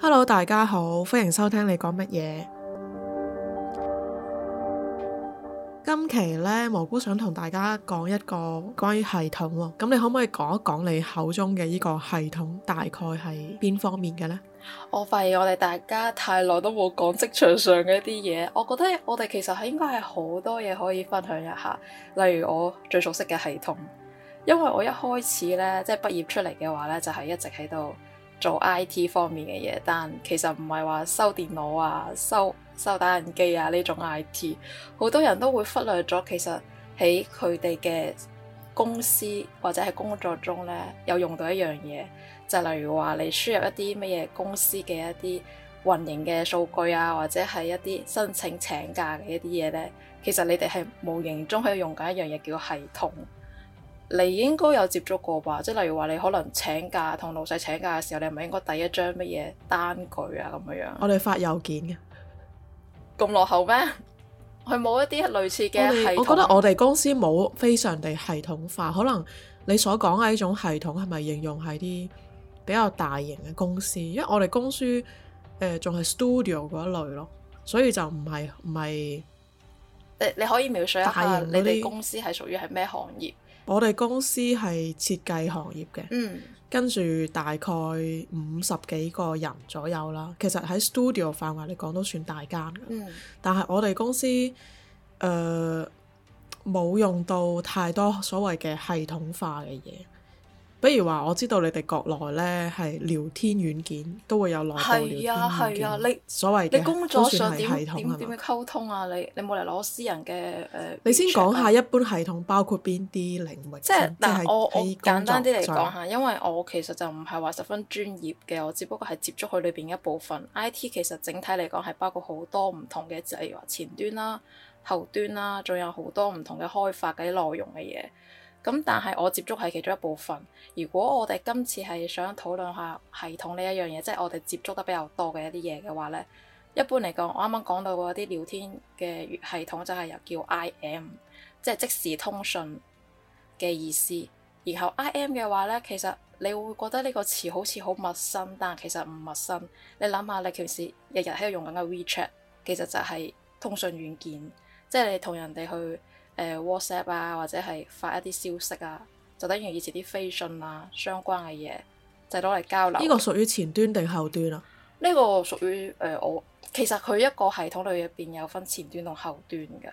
Hello，大家好，歡迎收聽你講乜嘢？今期咧，蘑菇想同大家講一個關於系統喎，咁你可唔可以講一講你口中嘅呢個系統大概係邊方面嘅呢？我發現我哋大家太耐都冇講職場上嘅一啲嘢，我覺得我哋其實係應該係好多嘢可以分享一下，例如我最熟悉嘅系統，因為我一開始咧即係畢業出嚟嘅話咧，就係一直喺度。做 I.T 方面嘅嘢，但其實唔係話修電腦啊、修修打印機啊呢種 I.T，好多人都會忽略咗其實喺佢哋嘅公司或者係工作中呢，有用到一樣嘢，就例如話你輸入一啲乜嘢公司嘅一啲運營嘅數據啊，或者係一啲申請請假嘅一啲嘢呢。其實你哋係無形中可以用緊一樣嘢叫系統。你應該有接觸過吧？即係例如話，你可能請假同老細請假嘅時候，你係咪應該遞一張乜嘢單據啊？咁樣樣。我哋發郵件嘅，咁落後咩？佢冇一啲類似嘅系統。我,我覺得我哋公司冇非常地系統化。可能你所講嘅呢種系統係咪應用喺啲比較大型嘅公司？因為我哋公司仲係、呃、studio 嗰一類咯，所以就唔係唔係。你你可以描述一下你哋公司係屬於係咩行業？我哋公司係設計行業嘅，跟住、嗯、大概五十幾個人左右啦。其實喺 studio 範圍嚟講都算大間㗎，嗯、但係我哋公司誒冇、呃、用到太多所謂嘅系統化嘅嘢。不如話，我知道你哋國內咧係聊天軟件都會有內部聊天軟件係啊係啊，你所謂嘅工都算係系統啊嘛？點樣，吧樣，樣溝通啊？你你冇嚟攞私人嘅誒？呃、你先講下一般系統包括邊啲領域？即係是，即是但係我我簡單啲嚟講下，因為我其實就唔係話十分專業嘅，我只不過係接觸佢裏邊一部分。I T 其實整體嚟講係包括好多唔同嘅，例如話前端啦、啊、後端啦、啊，仲有好多唔同嘅開發嘅啲內容嘅嘢。咁但係我接觸係其中一部分。如果我哋今次係想討論下系統呢一樣嘢，即係我哋接觸得比較多嘅一啲嘢嘅話呢，一般嚟講，我啱啱講到嗰啲聊天嘅系統就係又叫 IM，即係即時通訊嘅意思。然後 IM 嘅話呢，其實你會覺得呢個詞好似好陌生，但係其實唔陌生。你諗下，你平時日日喺度用緊嘅 WeChat，其實就係通訊軟件，即係你同人哋去。誒、呃、，WhatsApp 啊，或者係發一啲消息啊，就等於以前啲飛信啊相關嘅嘢，就攞嚟交流。呢個屬於前端定後端啊？呢個屬於誒、呃，我其實佢一個系統裏入邊有分前端同後端嘅。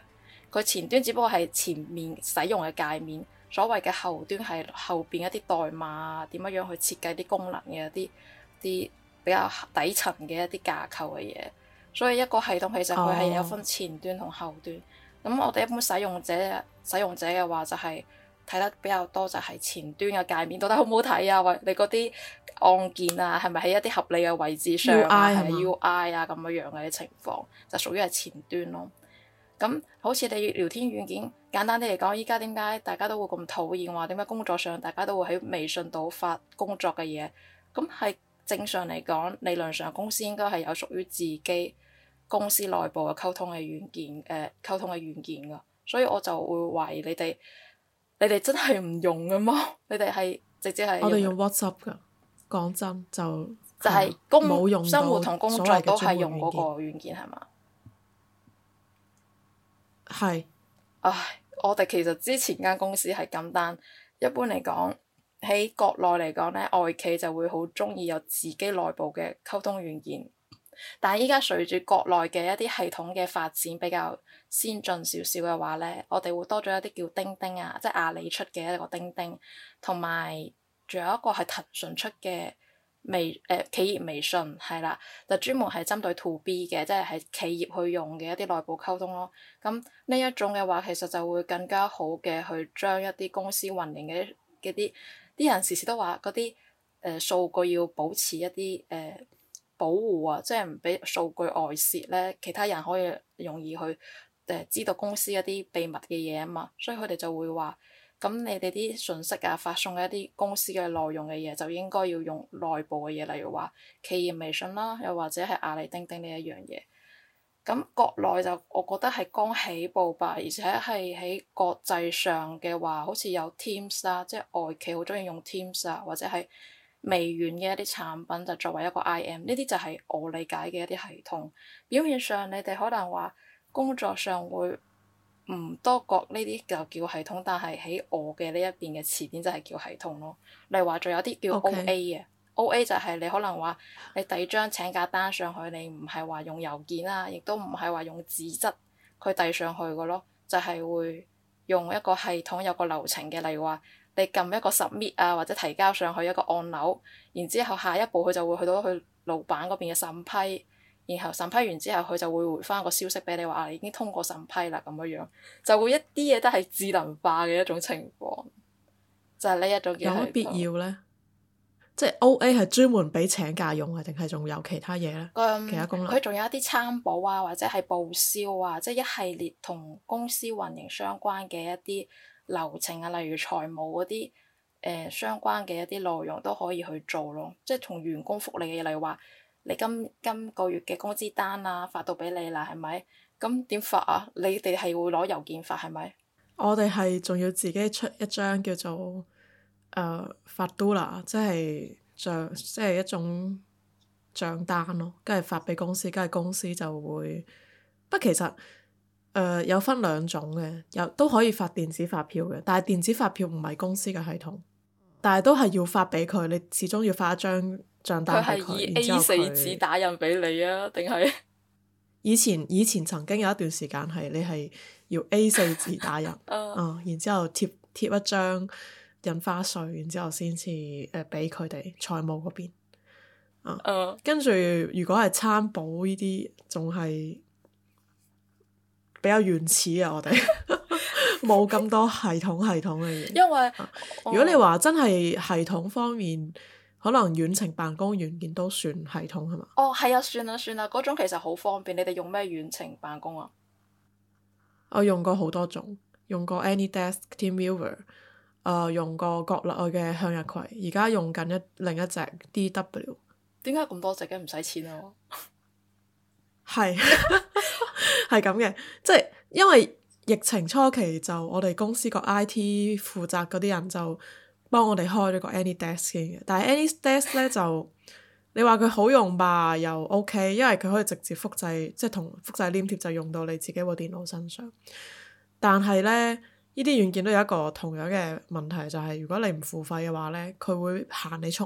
佢前端只不過係前面使用嘅界面，所謂嘅後端係後邊一啲代碼啊，點樣樣去設計啲功能嘅，啲啲比較底層嘅一啲架構嘅嘢。所以一個系統其實佢係有分前端同後端。Oh. 咁我哋一般使用者使用者嘅話就係、是、睇得比較多就係前端嘅界面到底好唔好睇啊，或你嗰啲按鍵啊，係咪喺一啲合理嘅位置上 UI 係係啊，係咪 UI 啊咁樣樣嘅情況就屬於係前端咯。咁好似你聊天軟件，簡單啲嚟講，依家點解大家都會咁討厭話點解工作上大家都會喺微信度發工作嘅嘢？咁係正常嚟講理論上公司應該係有屬於自己。公司內部嘅溝通嘅軟件，誒、呃、溝通嘅軟件㗎，所以我就會懷疑你哋你哋真係唔用嘅嗎？你哋係直接係我哋用 WhatsApp 㗎。講真就就係冇用到，生活同工作都係用嗰個軟件係嘛？係，是唉，我哋其實之前間公司係咁，但一般嚟講喺國內嚟講呢，外企就會好中意有自己內部嘅溝通軟件。但係依家隨住國內嘅一啲系統嘅發展比較先進少少嘅話咧，我哋會多咗一啲叫釘釘啊，即係阿里出嘅一個釘釘，同埋仲有一個係騰訊出嘅微誒、呃、企業微信係啦，就專門係針對 to b 嘅，即係係企業去用嘅一啲內部溝通咯。咁、嗯、呢一種嘅話，其實就會更加好嘅去將一啲公司運營嘅啲啲人時時都話嗰啲誒數據要保持一啲誒。呃保護啊，即係唔俾數據外泄呢。其他人可以容易去、呃、知道公司一啲秘密嘅嘢啊嘛，所以佢哋就會話：咁你哋啲信息啊、發送一啲公司嘅內容嘅嘢，就應該要用內部嘅嘢，例如話企業微信啦、啊，又或者係阿里釘釘呢一樣嘢。咁國內就我覺得係剛起步吧，而且係喺國際上嘅話，好似有 Teams 啦、啊，即係外企好中意用 Teams 啊，或者係。微軟嘅一啲產品就作為一個 I.M. 呢啲就係我理解嘅一啲系統。表面上你哋可能話工作上會唔多覺呢啲就叫系統，但係喺我嘅呢一邊嘅詞典就係叫系統咯。例如話仲有啲叫 O.A. 嘅，O.A. 就係你可能話你遞張請假單上去，你唔係話用郵件啊，亦都唔係話用紙質佢遞上去嘅咯，就係會用一個系統有個流程嘅，例如話，你撳一個 submit 啊，或者提交上去一個按鈕，然之後下一步佢就會去到佢老闆嗰邊嘅審批，然後審批完之後佢就會回翻個消息俾你話，你、啊、已經通過審批啦咁樣樣，就會一啲嘢都係智能化嘅一種情況，就係呢一種嘅。有咩必要呢？即係 OA 係專門俾請假用嘅，定係仲有其他嘢咧？其他功能佢仲有一啲餐補啊，或者係報銷啊，即、就、係、是、一系列同公司運營相關嘅一啲。流程啊，例如財務嗰啲誒相關嘅一啲內容都可以去做咯，即係從員工福利嘅例如話你今今個月嘅工資單啊發到俾你啦，係咪？咁、嗯、點發啊？你哋係會攞郵件發係咪？是是我哋係仲要自己出一張叫做誒、呃、發都啦，即係帳即係一種賬單咯，跟住發俾公司，跟住公司就會不過其實。誒、uh, 有分兩種嘅，有都可以發電子發票嘅，但係電子發票唔係公司嘅系統，嗯、但係都係要發俾佢，你始終要發一張帳單係佢。以 A 四紙打印俾你啊？定係以前以前曾經有一段時間係你係要 A 四紙打印， uh, 然之後貼貼一張印花稅，然之後先至誒俾佢哋財務嗰邊。Uh, uh. 跟住如果係餐補呢啲，仲係。比較原始啊！我哋冇咁多系統系統嘅嘢。因為如果你話真係系統方面，可能遠程辦公軟件都算系統係嘛？哦，係啊，算啦算啦，嗰種其實好方便。你哋用咩遠程辦公啊？我用過好多種，用過 AnyDesk、TeamViewer，誒、呃，用過國內嘅向日葵，而家用緊一另一隻 DW。點解咁多隻嘅？唔使錢啊！係 是。 係咁嘅，即係因為疫情初期就我哋公司個 I.T 負責嗰啲人就幫我哋開咗個 AnyDesk 嘅 Any，但係 AnyDesk 咧就你話佢好用吧，又 O.K.，因為佢可以直接複製，即係同複製黏貼就用到你自己部電腦身上。但係咧，呢啲軟件都有一個同樣嘅問題，就係、是、如果你唔付費嘅話咧，佢會限你速。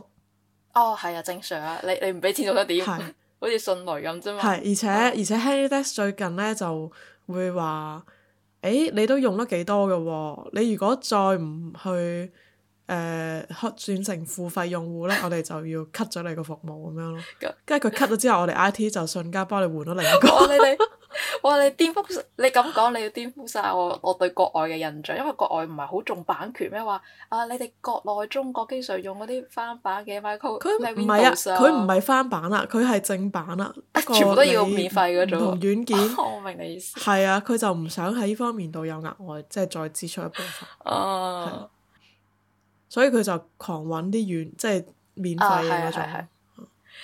哦，係啊，正常啊，你你唔俾錢仲得點？ 好似迅雷咁啫嘛，係而且、啊、而且，HoneyDesk 最近咧就會話，誒你都用得幾多㗎喎、哦？你如果再唔去，誒、呃、轉成付費用戶咧，我哋就要 cut 咗你個服務咁樣咯。跟住佢 cut 咗之後，我哋 IT 就瞬間幫你換咗另一個。你哋？哇你顛覆！你咁講你，你，你要顛覆晒我我對國外嘅印象，因為國外唔係好重版權咩？話啊，你哋國內中國經常用嗰啲翻版嘅 micro，唔係啊，佢唔係翻版啦，佢係正版啦。全部都要免費嗰種同軟件。哦、我明你意思。係啊，佢就唔想喺呢方面度有額外，即係再支出一部分。啊所以佢就狂揾啲軟，即係免費嘅嗰種。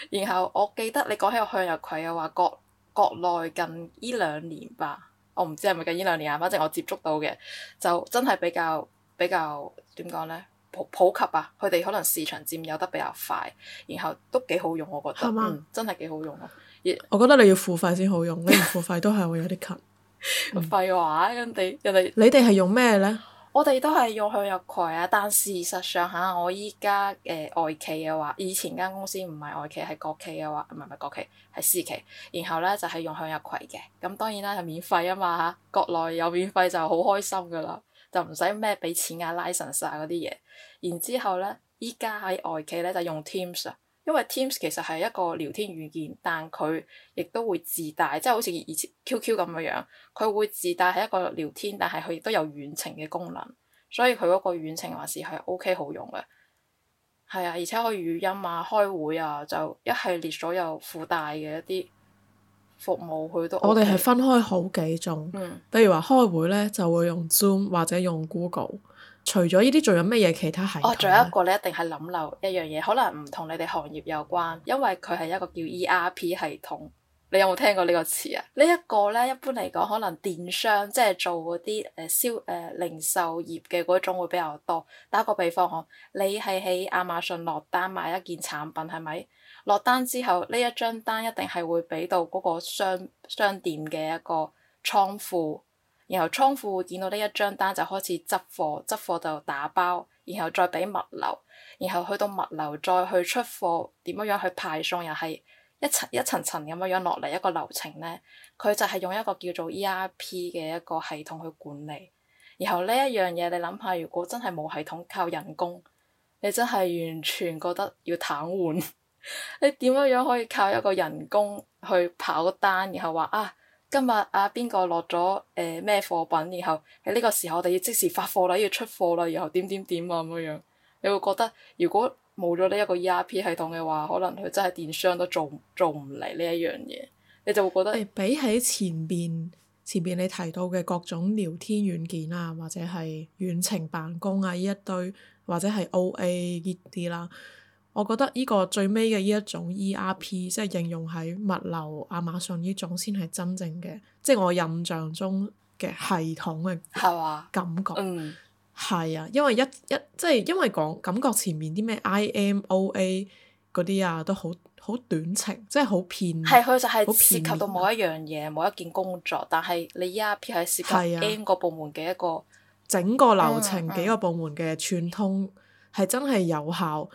然後我記得你講起個向日葵又話國國內近依兩年吧，我唔知係咪近依兩年啊，反正我接觸到嘅就真係比較比較點講呢？普普及啊，佢哋可能市場佔有得比較快，然後都幾好用，我覺得真係幾好用咯。我覺得你要付費先好用，你唔付費都係會有啲近。廢話，人哋人哋，你哋係用咩呢？我哋都係用向日葵啊，但事實上嚇、啊，我依家誒外企嘅話，以前間公司唔係外企係國企嘅話，唔係，唔係國企係私企，然後咧就係、是、用向日葵嘅，咁、嗯、當然啦係免費啊嘛嚇，國內有免費就好開心噶啦，就唔使咩俾錢啊、license 啊嗰啲嘢，然之後咧依家喺外企咧就用 Teams 啊。因為 Teams 其實係一個聊天軟件，但佢亦都會自帶，即係好似以前 QQ 咁樣樣，佢會自帶係一個聊天，但係佢亦都有遠程嘅功能，所以佢嗰個遠程還是係 OK 好用嘅。係啊，而且可以語音啊、開會啊，就一系列所有附帶嘅一啲服務，佢都、OK 啊、我哋係分開好幾種，嗯，譬如話開會咧就會用 Zoom 或者用 Google。除咗呢啲，仲有咩嘢其他系統？哦，仲有一個你一定係諗漏一樣嘢，可能唔同你哋行業有關，因為佢係一個叫 ERP 系統，你有冇聽過呢個詞啊？呢一個咧，一般嚟講可能電商即係做嗰啲誒銷誒零售業嘅嗰種會比較多。打個比方，我你係喺亞馬遜落單買一件產品，係咪？落單之後，呢一張單一定係會俾到嗰個商商店嘅一個倉庫。然後倉庫見到呢一張單就開始執貨，執貨就打包，然後再俾物流，然後去到物流再去出貨，點樣樣去派送又係一層一層層咁樣樣落嚟一個流程呢。佢就係用一個叫做 ERP 嘅一個系統去管理。然後呢一樣嘢你諗下，如果真係冇系統靠人工，你真係完全覺得要癱瘓。 你點樣可以靠一個人工去跑單，然後話啊？今日啊，邊個落咗誒咩貨品？然後喺呢個時候，我哋要即時發貨啦，要出貨啦，然後點點點啊咁樣。你會覺得如果冇咗呢一個 ERP 系統嘅話，可能佢真係電商都做做唔嚟呢一樣嘢。你就會覺得比起前邊前邊你提到嘅各種聊天軟件啊，或者係遠程辦公啊呢一堆，或者係 OA 呢啲啦。我覺得依個最尾嘅依一種 ERP，即係應用喺物流啊、亞馬遜呢種先係真正嘅，即係我印象中嘅系統嘅感覺。吧啊、嗯，係啊，因為一一即係因為講感覺前面啲咩 IMOA 嗰啲啊，都好好短程，即係好偏。係，佢就係涉及到某一樣嘢、某一件工作，但係你 ERP 係涉及 M 個部門嘅一個、啊、整個流程、嗯嗯、幾個部門嘅串通，係真係有效。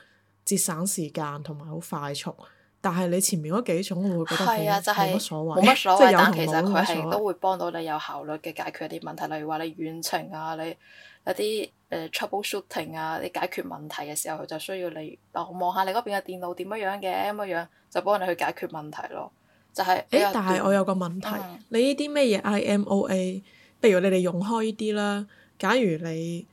節省時間同埋好快速，但係你前面嗰幾種，我會覺得係啊，真係冇乜所謂，乜所謂。但其實佢係都會幫到你有效率嘅解決一啲問題。例如話你遠程啊，你有啲誒、uh, troubleshooting 啊，你解決問題嘅時候，佢就需要你望下你嗰邊嘅電腦點樣樣嘅咁樣樣，就幫你去解決問題咯。就係、是、誒、欸，但係我有個問題，嗯、你呢啲咩嘢 IMOA？譬如你哋用開呢啲啦，假如你。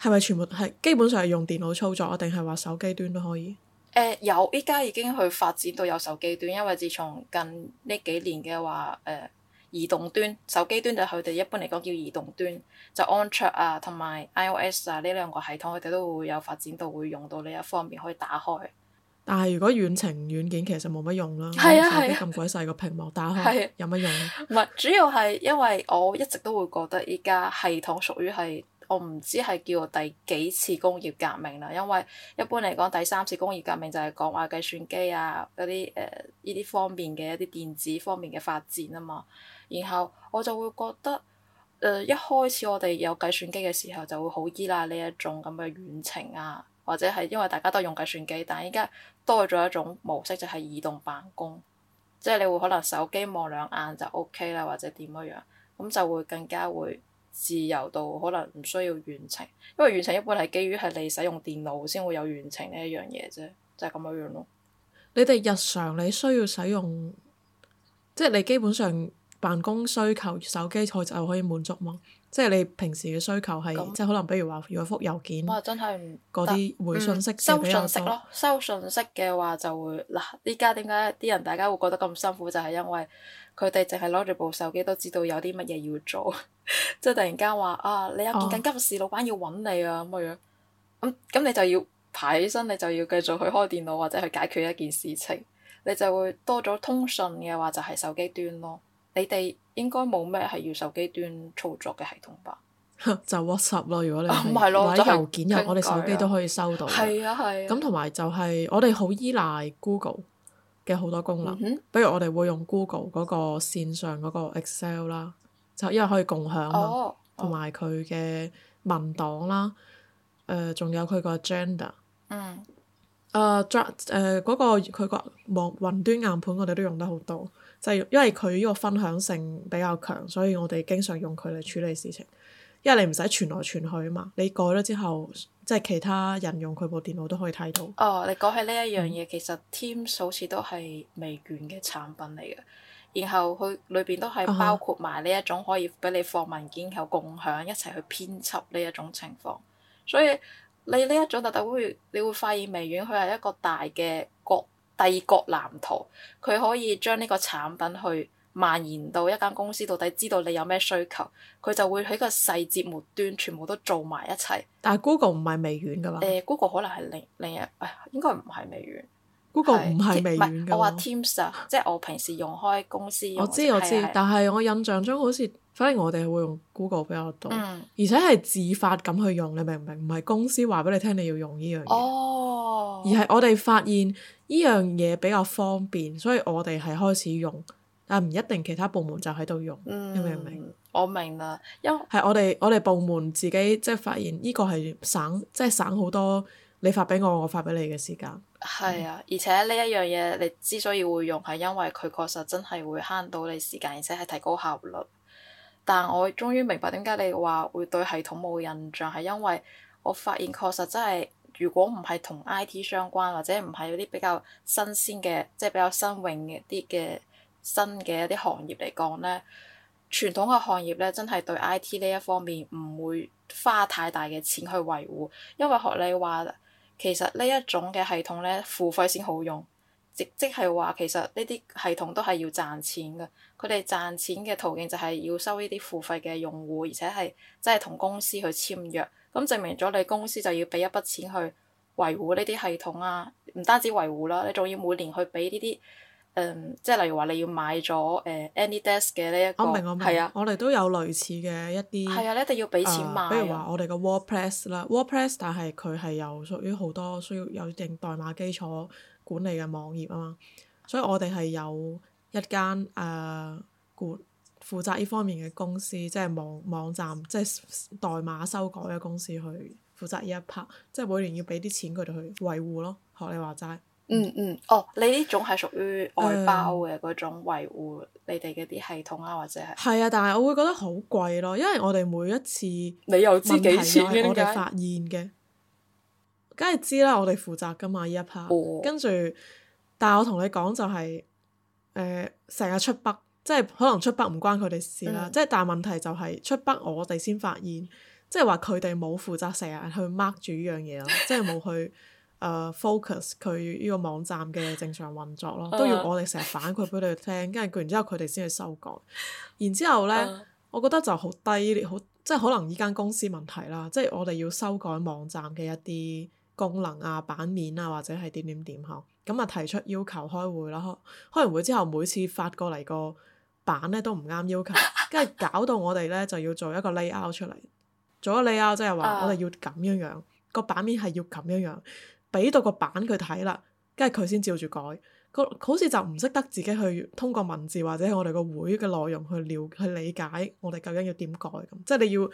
係咪全部係基本上係用電腦操作啊？定係話手機端都可以？誒、呃，有依家已經去發展到有手機端，因為自從近呢幾年嘅話，誒、呃，移動端、手機端就佢哋一般嚟講叫移動端，就安卓啊同埋 iOS 啊呢兩個系統，佢哋都會有發展到會用到呢一方面可以打開。但係如果遠程軟件其實冇乜用啦，係啊、手機咁鬼細個屏幕、啊、打開、啊、有乜用咧？唔係，主要係因為我一直都會覺得依家系統屬於係。我唔知係叫第幾次工業革命啦，因為一般嚟講，第三次工業革命就係講話計算機啊嗰啲誒呢啲方面嘅一啲電子方面嘅發展啊嘛。然後我就會覺得，誒、呃、一開始我哋有計算機嘅時候就會好依賴呢一種咁嘅遠程啊，或者係因為大家都用計算機，但係依家多咗一種模式就係、是、移動辦公，即係你會可能手機望兩眼就 OK 啦，或者點樣樣，咁就會更加會。自由度可能唔需要遠程，因為遠程一般係基於係你使用電腦先會有遠程呢一樣嘢啫，就係、是、咁樣樣咯。你哋日常你需要使用，即係你基本上辦公需求手機機就可以滿足嗎？即係你平時嘅需求係，那即係可能比如話，要去復郵件，我真係唔嗰啲回信息就比較多收信息咯，收信息嘅話就會嗱，依家點解啲人大家會覺得咁辛苦？就係、是、因為佢哋淨係攞住部手機都知道有啲乜嘢要做， 即係突然間話啊，你有件緊急事，老闆要揾你啊咁、oh. 樣，咁、嗯、咁你就要爬起身，你就要繼續去開電腦或者去解決一件事情，你就會多咗通訊嘅話就係手機端咯。你哋應該冇咩係要手機端操作嘅系統吧？就 WhatsApp 咯，如果你唔係攞啲郵件入，我哋手機都可以收到。係啊係。咁同埋就係我哋好依賴 Google 嘅好多功能，比如我哋會用 Google 嗰個線上嗰個 Excel 啦，就因為可以共享啊，同埋佢嘅文檔啦，誒仲有佢個 Agenda。嗯。誒，嗰個佢個網雲端硬盤，我哋都用得好多。就係因為佢呢個分享性比較強，所以我哋經常用佢嚟處理事情。因為你唔使傳來傳去啊嘛，你改咗之後，即係其他人用佢部電腦都可以睇到。哦，你講起呢一樣嘢，嗯、其實 Teams 好似都係微軟嘅產品嚟嘅，然後佢裏邊都係包括埋呢一種可以俾你放文件又共享一齊去編輯呢一種情況。所以你呢一種特特會，你會發現微軟佢係一個大嘅國。帝國藍圖，佢可以將呢個產品去蔓延到一間公司，到底知道你有咩需求，佢就會喺個細節末端全部都做埋一齊。但係 Go、呃、Google 唔係微軟噶嘛？誒，Google 可能係另另一，誒，應該唔係微軟。Google 唔係是微軟噶，我話 Teams 即係我平時用開公司。我知是我知，是但係我印象中好似，反正我哋係會用 Google 比較多，嗯、而且係自發咁去用，你明唔明？唔係公司話俾你聽你要用呢樣嘢，哦、而係我哋發現呢樣嘢比較方便，所以我哋係開始用，但唔一定其他部門就喺度用，嗯、你明唔明？我明啦，因為係我哋我哋部門自己即係發現呢個係省即係省好多你發俾我，我發俾你嘅時間。係啊，而且呢一樣嘢，你之所以會用係因為佢確實真係會慳到你時間，而且係提高效率。但我終於明白點解你話會對系統冇印象，係因為我發現確實真係，如果唔係同 IT 相關，或者唔係嗰啲比較新鮮嘅，即係比較新穎一啲嘅新嘅一啲行業嚟講呢，傳統嘅行業呢，真係對 IT 呢一方面唔會花太大嘅錢去維護，因為學你話。其實呢一種嘅系統呢，付費先好用，即即係話其實呢啲系統都係要賺錢嘅，佢哋賺錢嘅途徑就係要收呢啲付費嘅用戶，而且係即係同公司去簽約，咁證明咗你公司就要俾一筆錢去維護呢啲系統啊，唔單止維護啦，你仲要每年去俾呢啲。誒、嗯，即係例如話你要買咗誒、呃、AnyDesk 嘅呢、這、一個，哦，明啊、我明，我明，我哋都有類似嘅一啲、啊啊呃，你一定要俾錢買啊，譬如話我哋嘅 WordPress 啦，WordPress 但係佢係有屬於好多需要有一定代碼基礎管理嘅網頁啊嘛，所以我哋係有一間誒管、呃、負責呢方面嘅公司，即係網網站即係代碼修改嘅公司去負責呢一 part，即係每年要俾啲錢佢哋去維護咯，學你話齋。嗯嗯，哦，你呢種係屬於外包嘅嗰、呃、種維護你哋嗰啲系統啊，或者係係啊，但係我會覺得好貴咯，因為我哋每一次你有問題我知，我哋發現嘅，梗係知啦，我哋負責㗎嘛呢一 part，、哦、跟住，但係我同你講就係、是，誒成日出北，即係可能出北唔關佢哋事啦，即係、嗯、但係問題就係、是、出北我哋先發現，即係話佢哋冇負責成日去 mark 住呢樣嘢咯，即係冇去。誒、uh, focus 佢呢個網站嘅正常運作咯，uh huh. 都要我哋成日反饋俾佢哋聽，跟住佢完之後佢哋先去修改。然之後咧，uh huh. 我覺得就好低劣，好即係可能呢間公司問題啦。即係我哋要修改網站嘅一啲功能啊、版面啊，或者係點點點呵。咁啊提出要求開會啦，開完會之後每次發過嚟個版咧都唔啱要求，跟住、uh huh. 搞到我哋咧就要做一個 layout 出嚟，做一個 layout 即係話我哋要咁樣樣，個、uh huh. 版面係要咁樣樣。俾到個版佢睇啦，跟住佢先照住改。佢好似就唔識得自己去通過文字或者我哋個會嘅內容去了去理解我哋究竟要點改咁，即係你要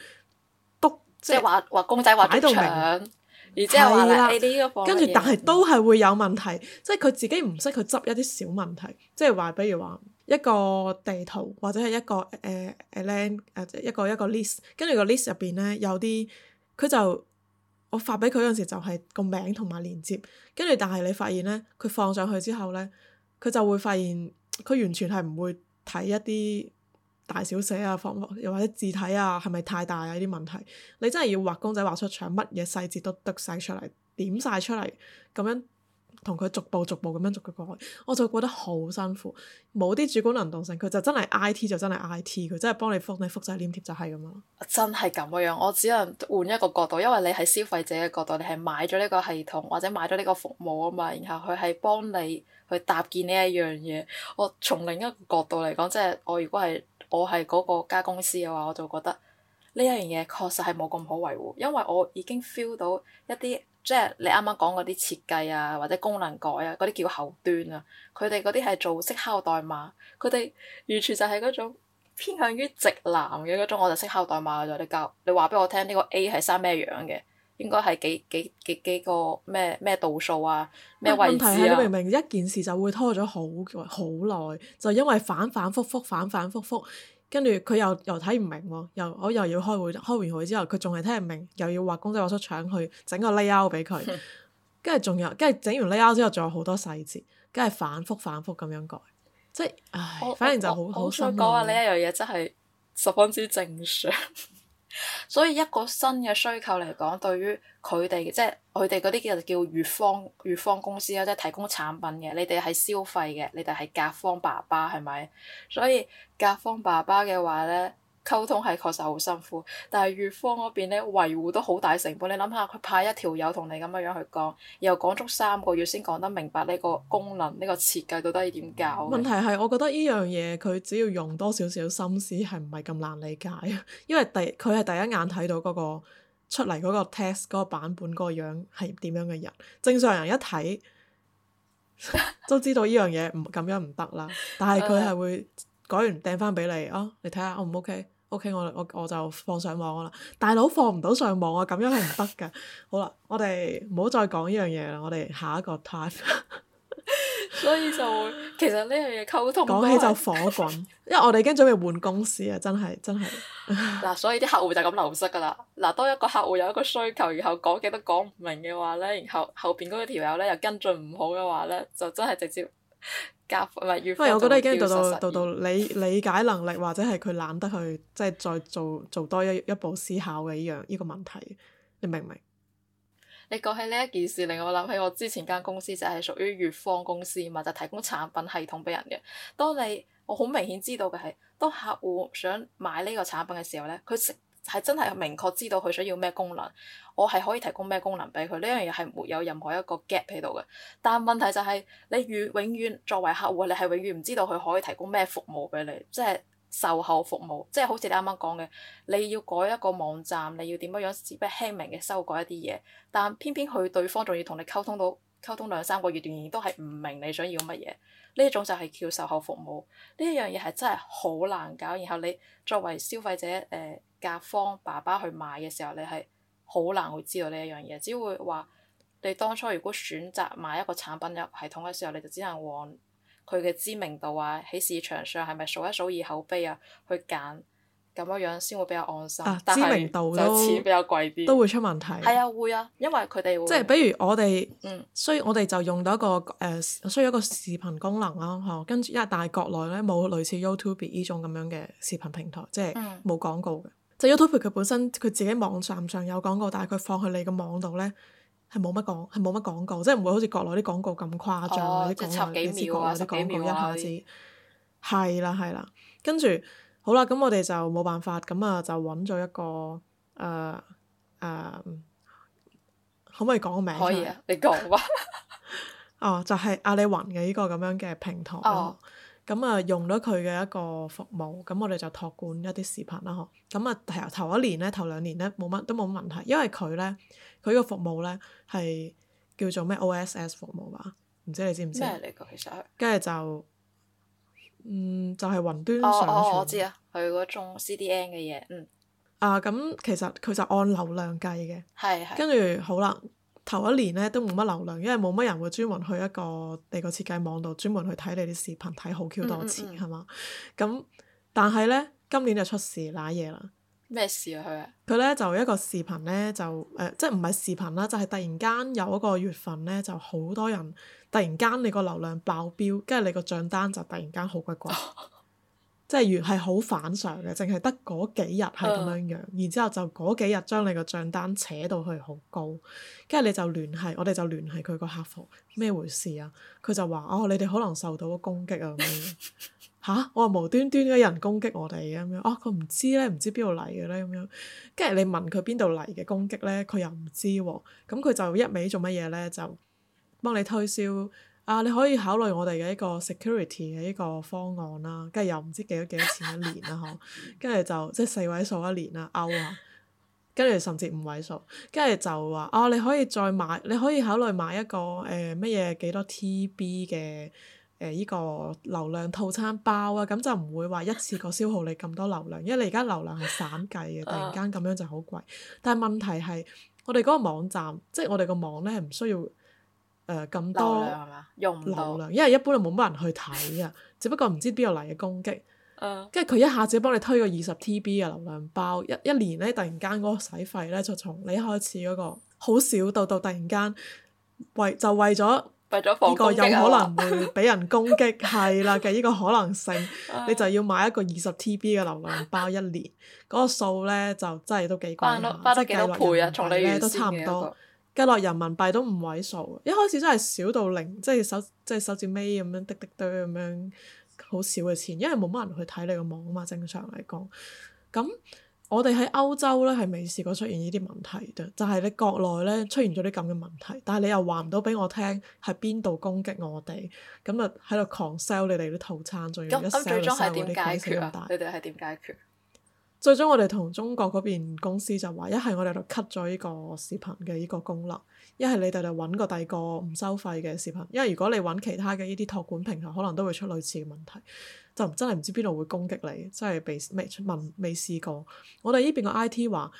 督，即係畫畫公仔畫到明。然之後話咧 A 啲嗰個，跟住但係都係會有問題，即係佢自己唔識去執一啲小問題，即係話比如話一個地圖或者係一個誒誒 list，或者一個一個，一個 list，跟住個 list 入邊呢，有啲佢就。我發俾佢嗰陣時就係個名同埋鏈接，跟住但係你發現呢，佢放上去之後呢，佢就會發現佢完全係唔會睇一啲大小寫啊，方法，又或者字體啊，係咪太大啊，呢啲問題。你真係要畫公仔畫出腸，乜嘢細節都凸晒出嚟，點晒出嚟，咁樣。同佢逐步逐步咁樣逐腳過來，我就覺得好辛苦，冇啲主觀能動性。佢就真係 I T 就真係 I T，佢真係幫你復你複製黏貼就係咁樣。真係咁樣，我只能換一個角度，因為你喺消費者嘅角度，你係買咗呢個系統或者買咗呢個服務啊嘛，然後佢係幫你去搭建呢一樣嘢。我從另一個角度嚟講，即係我如果係我係嗰個家公司嘅話，我就覺得呢一樣嘢確實係冇咁好維護，因為我已經 feel 到一啲。即係你啱啱講嗰啲設計啊，或者功能改啊，嗰啲叫後端啊。佢哋嗰啲係做識敲代碼，佢哋完全就係嗰種偏向於直男嘅嗰種，我就識敲代碼就你教你話俾我聽，呢個 A 係生咩樣嘅？應該係幾幾幾幾個咩咩度數啊？咩位置啊？問題係你明明一件事就會拖咗好耐，好耐，就因為反反覆覆，反反覆覆。跟住佢又又睇唔明喎，又我又，又要開會，開完會之後佢仲係聽唔明，又要畫公仔畫出腸去整個 layout 俾佢，跟住仲有跟住整完 layout 之後仲有好多細節，跟住反覆反覆咁樣改，即係唉，反正就好好深想講下呢一樣嘢，真係十分之正常。 所以一個新嘅需求嚟講，對於佢哋，即係佢哋嗰啲叫做叫乙方乙方公司啦，即係提供產品嘅，你哋係消費嘅，你哋係甲方爸爸係咪？所以甲方爸爸嘅話呢。溝通係確實好辛苦，但係乙方嗰邊咧維護都好大成本。你諗下，佢派一條友同你咁樣樣去講，又講足三個月先講得明白呢個功能、呢、呢個設計到底要點搞。問題係，我覺得呢樣嘢佢只要用多少少心思，係唔係咁難理解？因為第佢係第一眼睇到嗰、嗰個出嚟嗰個 test 嗰個版本嗰、嗰個樣係點樣嘅人，正常人一睇 都知道呢樣嘢唔咁樣唔得啦。但係佢係會改完掟翻俾你啊，oh, 你睇下 o 唔 OK？O.K. 我我我就放上網啦，大佬放唔到上網啊，咁樣係唔得噶。 好啦，我哋唔好再講呢樣嘢啦，我哋下一個 time。 所以就會其實呢樣嘢溝通講起就火滾， 因為我哋已經準備換公司啊，真係真係。嗱， 所以啲客戶就咁流失噶啦。嗱，當一個客戶有一個需求，然後講幾多都講唔明嘅話咧，然後後邊嗰條友咧又跟進唔好嘅話咧，就真係直接。唔係，因為、哎、我覺得已經到到到到理理解能力，或者係佢懶得去，即係再做做多一一步思考嘅依樣呢、呢個問題。你明唔明？你講起呢一件事，令我諗起我之前間公司就係屬於乙方公司嘛，就是、提供產品系統俾人嘅。當你我好明顯知道嘅係，當客戶想買呢個產品嘅時候咧，佢係真係明確知道佢想要咩功能，我係可以提供咩功能俾佢，呢樣嘢係沒有任何一個 gap 喺度嘅。但問題就係，你永永遠作為客戶，你係永遠唔知道佢可以提供咩服務俾你，即係售後服務，即係好似你啱啱講嘅，你要改一個網站，你要點樣，只不過輕微嘅修改一啲嘢。但偏偏佢對方仲要同你溝通到溝通兩三個月，仍然都係唔明你想要乜嘢，呢一種就係叫售後服務呢一樣嘢係真係好難搞。然後你作為消費者誒。呃甲方爸爸去買嘅時候，你係好難會知道呢一樣嘢，只會話你當初如果選擇買一個產品入系統嘅時候，你就只能往佢嘅知名度啊，喺市場上係咪數一數二口碑啊，去揀咁樣樣先會比較安心。但就啊、知名度都錢比較貴啲，都會出問題。係啊，會啊，因為佢哋會即係比如我哋，嗯，所以我哋就用到一個誒，需、呃、要一個視頻功能啦，嗬、嗯，跟住因為大國內咧冇類似 YouTube 呢種咁樣嘅視頻平台，即係冇廣告嘅。就 YouTube 佢本身佢自己網站上，上有廣告，但係佢放去你個網度咧，係冇乜講，係冇乜廣告，即係唔會好似國內啲廣告咁誇張，即係插幾秒啊，幾秒啊，幾秒啊，一下子係啦係啦，跟住好啦，咁我哋就冇辦法，咁啊就揾咗一個誒誒、呃呃，可唔可以講個名？可以啊，你講吧。 哦，就係、是、阿里雲嘅呢個咁樣嘅平台。哦咁啊，用咗佢嘅一個服務，咁、嗯、我哋就託管一啲視頻啦，嗬、嗯。咁、嗯、啊，頭頭一年咧，頭兩年咧，冇乜都冇問題，因為佢咧，佢個服務咧係叫做咩 OSS 服務吧？唔知你知唔知？咩嚟㗎？其實跟住就，嗯，就係、是、雲端上傳。哦、我，我知啊，佢嗰種 CDN 嘅嘢，嗯。啊，咁其實佢就按流量計嘅，係是。跟住好啦。頭一年咧都冇乜流量，因為冇乜人會專門去一個地個設計網度專門去睇你啲視頻，睇好 Q 多次係嘛？咁、嗯嗯嗯、但係咧今年就出事瀨嘢啦。咩事，事啊佢？佢咧就一個視頻咧就誒、呃，即係唔係視頻啦，就係、是、突然間有一個月份咧就好多人，突然間你個流量爆表，跟住你個帳單就突然間好鬼貴。哦即係原係好反常嘅，淨係得嗰幾日係咁樣樣，uh. 然之後就嗰幾日將你個帳單扯到去好高，跟住你就聯繫我哋就聯繫佢個客服，咩回事啊？佢就話哦，你哋可能受到攻擊 啊咁樣嚇，我話無端端有人攻擊我哋啊咁樣，哦佢唔知咧，唔知邊度嚟嘅咧咁樣，跟住你問佢邊度嚟嘅攻擊咧，佢又唔知喎，咁、哦、佢就一味做乜嘢咧就幫你推銷。啊！你可以考慮我哋嘅一個 security 嘅呢個方案啦、啊，跟住又唔知幾多幾多錢一年啦、啊，嗬？ 跟住就即係四位數一年啦、啊，歐啊！跟住甚至五位數，跟住就話啊，你可以再買，你可以考慮買一個誒乜嘢幾多 TB 嘅誒呢個流量套餐包啊，咁就唔會話一次過消耗你咁多流量，因為你而家流量係散計嘅，突然間咁樣就好貴。但係問題係，我哋嗰個網站即係我哋個網咧係唔需要。誒咁多流量，用唔到流量，因為一般啊冇乜人去睇啊，只不過唔知邊度嚟嘅攻擊，跟住佢一下子幫你推個二十 TB 嘅流量包一一年咧，突然間嗰個使費咧就從你開始嗰個好少到到突然間為就為咗為咗依個有可能會俾人攻擊係啦嘅依個可能性，你就要買一個二十 TB 嘅流量包一年嗰個數咧就真係都幾貴，翻得翻得幾多倍都差唔多。計落人民幣都五位數，一開始真係少到零，即係手即係手指尾咁樣滴滴哆咁樣，好少嘅錢，因為冇乜人去睇你個網啊嘛，正常嚟講。咁我哋喺歐洲咧係未試過出現呢啲問題嘅，就係、係、你國內咧出現咗啲咁嘅問題，但係你又話唔到俾我聽係邊度攻擊我哋，咁啊喺度狂 sell 你哋啲套餐，仲要一 sell 就 sell 到啲鬼死咁大，你哋係點解決？解最終我哋同中國嗰邊公司就話：一係我哋就 cut 咗呢個視頻嘅呢個功能；一係你哋就揾個第二個唔收費嘅視頻。因為如果你揾其他嘅呢啲託管平台，可能都會出類似嘅問題。就真係唔知邊度會攻擊你，真係未未問未試過。我哋呢邊個 I T 話，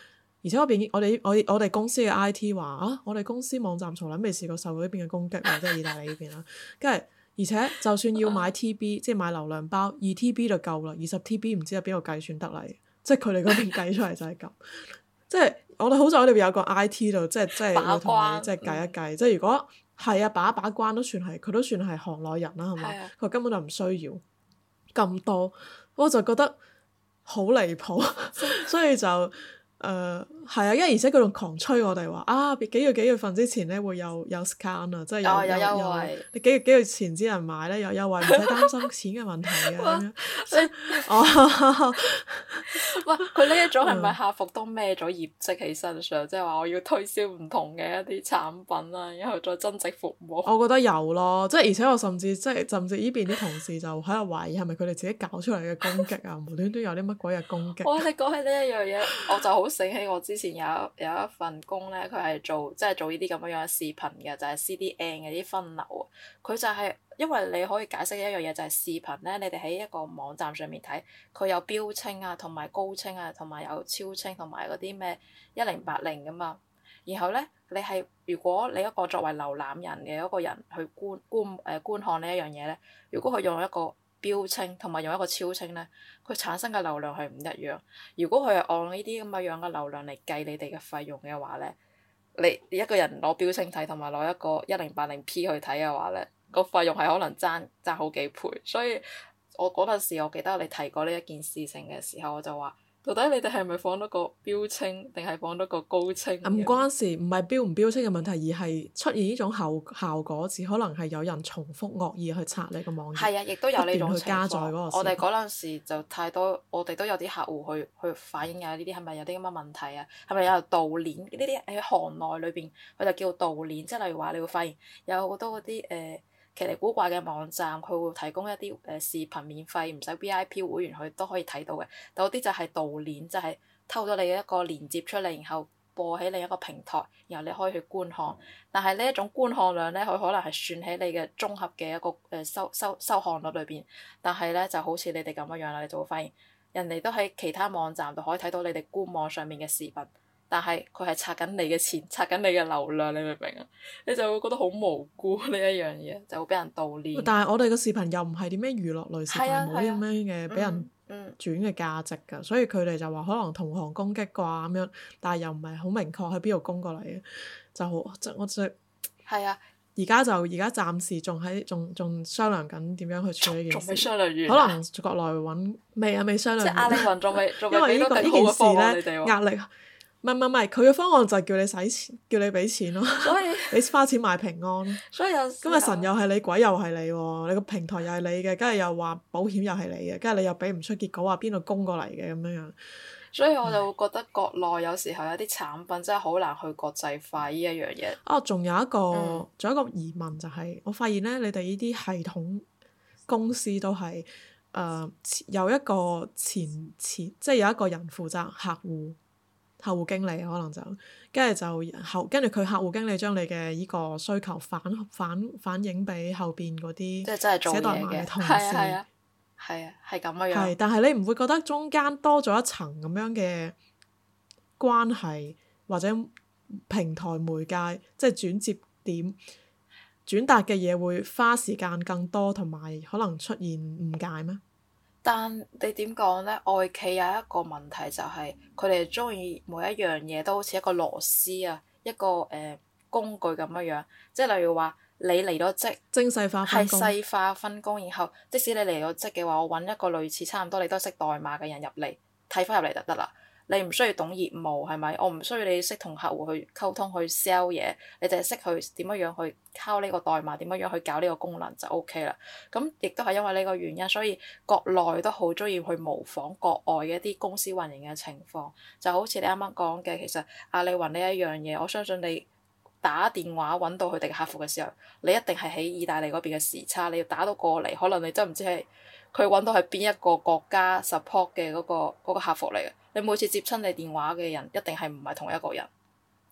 而且嗰邊我哋我我哋公司嘅 I T 話啊，我哋公司網站從來未試過受過呢邊嘅攻擊㗎，即係意大利呢邊啦。跟住而且就算要買 T B 即係買流量包，二 T B 就夠啦，二十 T B 唔知喺邊度計算得嚟。即係佢哋嗰邊計出嚟就係咁， 即係我哋好在我哋有個 I.T. 度，關嗯、即係即係要同你即係計一計，即係如果係啊把把關都算係佢都算係行內人啦，係嘛？佢、啊、根本就唔需要咁多，我就覺得好離譜， 所以就誒。呃係啊，因為而且佢仲狂催我哋話啊，別幾個幾月份之前咧會有有 scan 啊，即係有有優惠。你幾月幾月前先人買咧有優惠，唔使擔心錢嘅問題啊！你哇，哇！佢呢一種係咪客服都孭咗業績喺身上？即係話我要推銷唔同嘅一啲產品啊，然後再增值服務。我覺得有咯，即係而且我甚至即係甚至呢邊啲同事就喺度懷疑係咪佢哋自己搞出嚟嘅攻擊啊？無端端有啲乜鬼嘅攻擊。我哋講起呢一樣嘢，我就好醒起我之前。前有有一份工咧，佢係做即係做呢啲咁樣樣嘅視頻嘅，就係 C D N 嘅啲分流啊。佢就係、是、因為你可以解釋一樣嘢，就係、是、視頻咧，你哋喺一個網站上面睇，佢有標清啊，同埋高清啊，同埋有超清，同埋嗰啲咩一零八零咁啊。然後咧，你係如果你一個作為瀏覽人嘅一個人去觀觀誒、呃、觀看一呢一樣嘢咧，如果佢用一個。標清同埋用一個超清咧，佢產生嘅流量係唔一樣。如果佢係按呢啲咁嘅樣嘅流量嚟計你哋嘅費用嘅話咧，你一個人攞標清睇同埋攞一個一零八零 P 去睇嘅話咧，個費用係可能爭爭好幾倍。所以我嗰陣時我記得你提過呢一件事情嘅時候，我就話。到底你哋係咪放得個標清，定係放得個高清？唔關事，唔係標唔標清嘅問題，而係出現呢種效效果，只可能係有人重複惡意去刷你個網頁。係啊，亦都有呢種情況。點去加載嗰個？我哋嗰陣時就太多，我哋都有啲客戶去去反映啊！呢啲係咪有啲咁嘅問題啊？係咪有盜鏈？呢啲喺行內裏邊佢就叫盜鏈，即係例如話，你會發現有好多嗰啲誒。呃奇奇古怪嘅網站，佢會提供一啲誒、呃、視頻免費，唔使 V I P 會員佢都可以睇到嘅。有啲就係盜鏈，就係、是、偷咗你一個連結出嚟，然後播喺另一個平台，然後你可以去觀看。但係呢一種觀看量咧，佢可能係算喺你嘅綜合嘅一個誒收收收看率裏邊。但係咧就好似你哋咁樣樣啦，你就會發現人哋都喺其他網站就可以睇到你哋官網上面嘅視頻。但係佢係拆緊你嘅錢，拆緊你嘅流量，你明唔明啊？你就會覺得好無辜呢一樣嘢，就會俾人盜竊。但係我哋嘅視頻又唔係啲咩娛樂類視頻，冇啲咁樣嘅俾人轉嘅價值㗎，啊啊、所以佢哋就話可能同行攻擊啩咁樣，但係又唔係好明確喺邊度攻過嚟嘅，就好我即係。係啊，而家就而家暫時仲喺仲仲商量緊點樣去處理呢件事，仲未商，、啊、商量完。可能國內揾未啊，未商量。即係阿里雲仲未，仲未俾個好嘅方案你哋喎。壓力。唔係唔係，佢嘅方案就係叫你使錢，叫你俾錢咯，俾以 花錢買平安。所以有時今日神又係你，鬼又係你喎，你個平台又係你嘅，跟住又話保險又係你嘅，跟住你又俾唔出結果，話邊度供過嚟嘅咁樣樣。所以我就會覺得國內有時候有啲產品真係好難去國際化呢一樣嘢。 啊，仲有一個，仲、嗯、有一個疑問就係、是，我發現咧，你哋呢啲系統公司都係誒、呃、有一個前前，即係有一個人負責客戶。客戶經理可能就，跟住就後跟住佢客戶經理將你嘅依個需求反反反映俾後邊嗰啲寫代碼嘅同事，係啊，係咁樣。係，但係你唔會覺得中間多咗一層咁樣嘅關係，或者平台媒介即係轉接點轉達嘅嘢會花時間更多，同埋可能出現誤解咩？但你點講呢？外企有一個問題就係佢哋中意每一樣嘢都好似一個螺絲啊，一個誒、呃、工具咁樣樣。即係例如話你離咗職，精細化分工，係細化分工。然後即使你離咗職嘅話，我揾一個類似差唔多你都識代碼嘅人入嚟睇翻入嚟就得啦。你唔需要懂業務係咪？我唔需要你識同客戶去溝通去 sell 嘢，你淨係識去點樣樣去敲呢個代碼，點樣樣去搞呢個功能就 OK 啦。咁亦都係因為呢個原因，所以國內都好中意去模仿國外嘅一啲公司運營嘅情況，就好似你啱啱講嘅，其實阿里雲呢一樣嘢，我相信你打電話揾到佢哋嘅客服嘅時候，你一定係喺意大利嗰邊嘅時差，你要打到過嚟，可能你真唔知係佢揾到係邊一個國家 support 嘅嗰個嗰個客服嚟嘅。你每次接親你電話嘅人一定係唔係同一個人，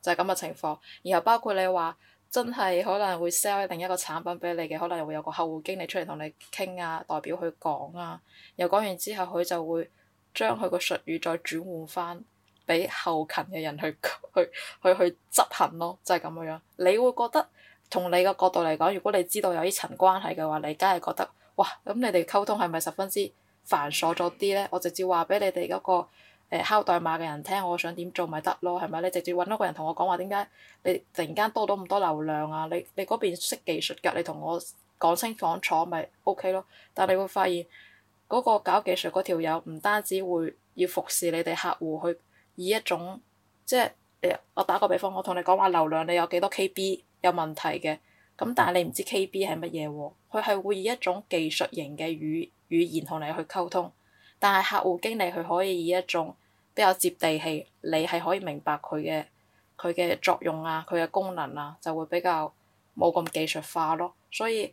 就係咁嘅情況。然後包括你話真係可能會 sell 另一個產品俾你嘅，可能又會有個客戶經理出嚟同你傾啊，代表去講啊。又講完之後，佢就會將佢個術語再轉換翻俾後勤嘅人去去去去執行咯，就係咁樣樣。你會覺得同你個角度嚟講，如果你知道有呢層關係嘅話，你梗係覺得哇咁你哋溝通係咪十分之繁瑣咗啲呢？我直接話俾你哋嗰、那個。誒，敲代碼嘅人聽我想點做咪得咯，係咪？你直接揾嗰個人同我講話，點解你突然間多到咁多流量啊？你你嗰邊識技術㗎？你同我講清講楚咪 O K 咯。但係你會發現嗰個搞技術嗰條友唔單止會要服侍你哋客戶去以一種即係，我打個比方，我同你講話，流量你有幾多 K B 有問題嘅，咁但係你唔知 K B 係乜嘢喎？佢係會以一種技術型嘅語語言同你去溝通。但係客戶經理佢可以以一種比較接地氣，你係可以明白佢嘅佢嘅作用啊，佢嘅功能啊，就會比較冇咁技術化咯。所以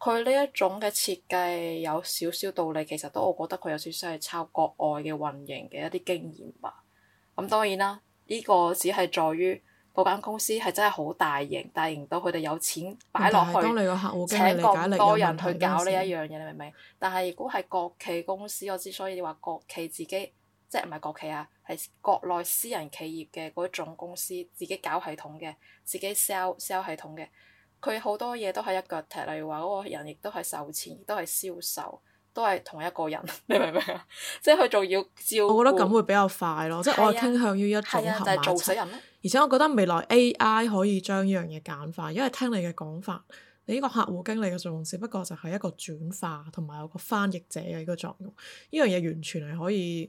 佢呢一種嘅設計有少少道理，其實都我覺得佢有少少係抄國外嘅運營嘅一啲經驗吧。咁當然啦，呢、呢個只係在於。嗰間公司係真係好大型，大型到佢哋有錢擺落去，請更多人去搞呢一樣嘢，你明唔明？但係如果係國企公司，我之所以話國企自己，即係唔係國企啊，係國內私人企業嘅嗰種公司自己搞系統嘅，自己 sell sell 系統嘅，佢好多嘢都係一腳踢，例如話嗰個人亦都係收錢，亦都係銷售，都係同一個人，你明唔明？即係佢仲要照。我覺得咁會比較快咯，即係我傾向於一種合埋一齊。而且我覺得未來 A.I. 可以將呢樣嘢簡化，因為聽你嘅講法，你呢個客戶經理嘅作用，只不過就係一個轉化同埋有個翻譯者嘅一個作用。呢樣嘢完全係可以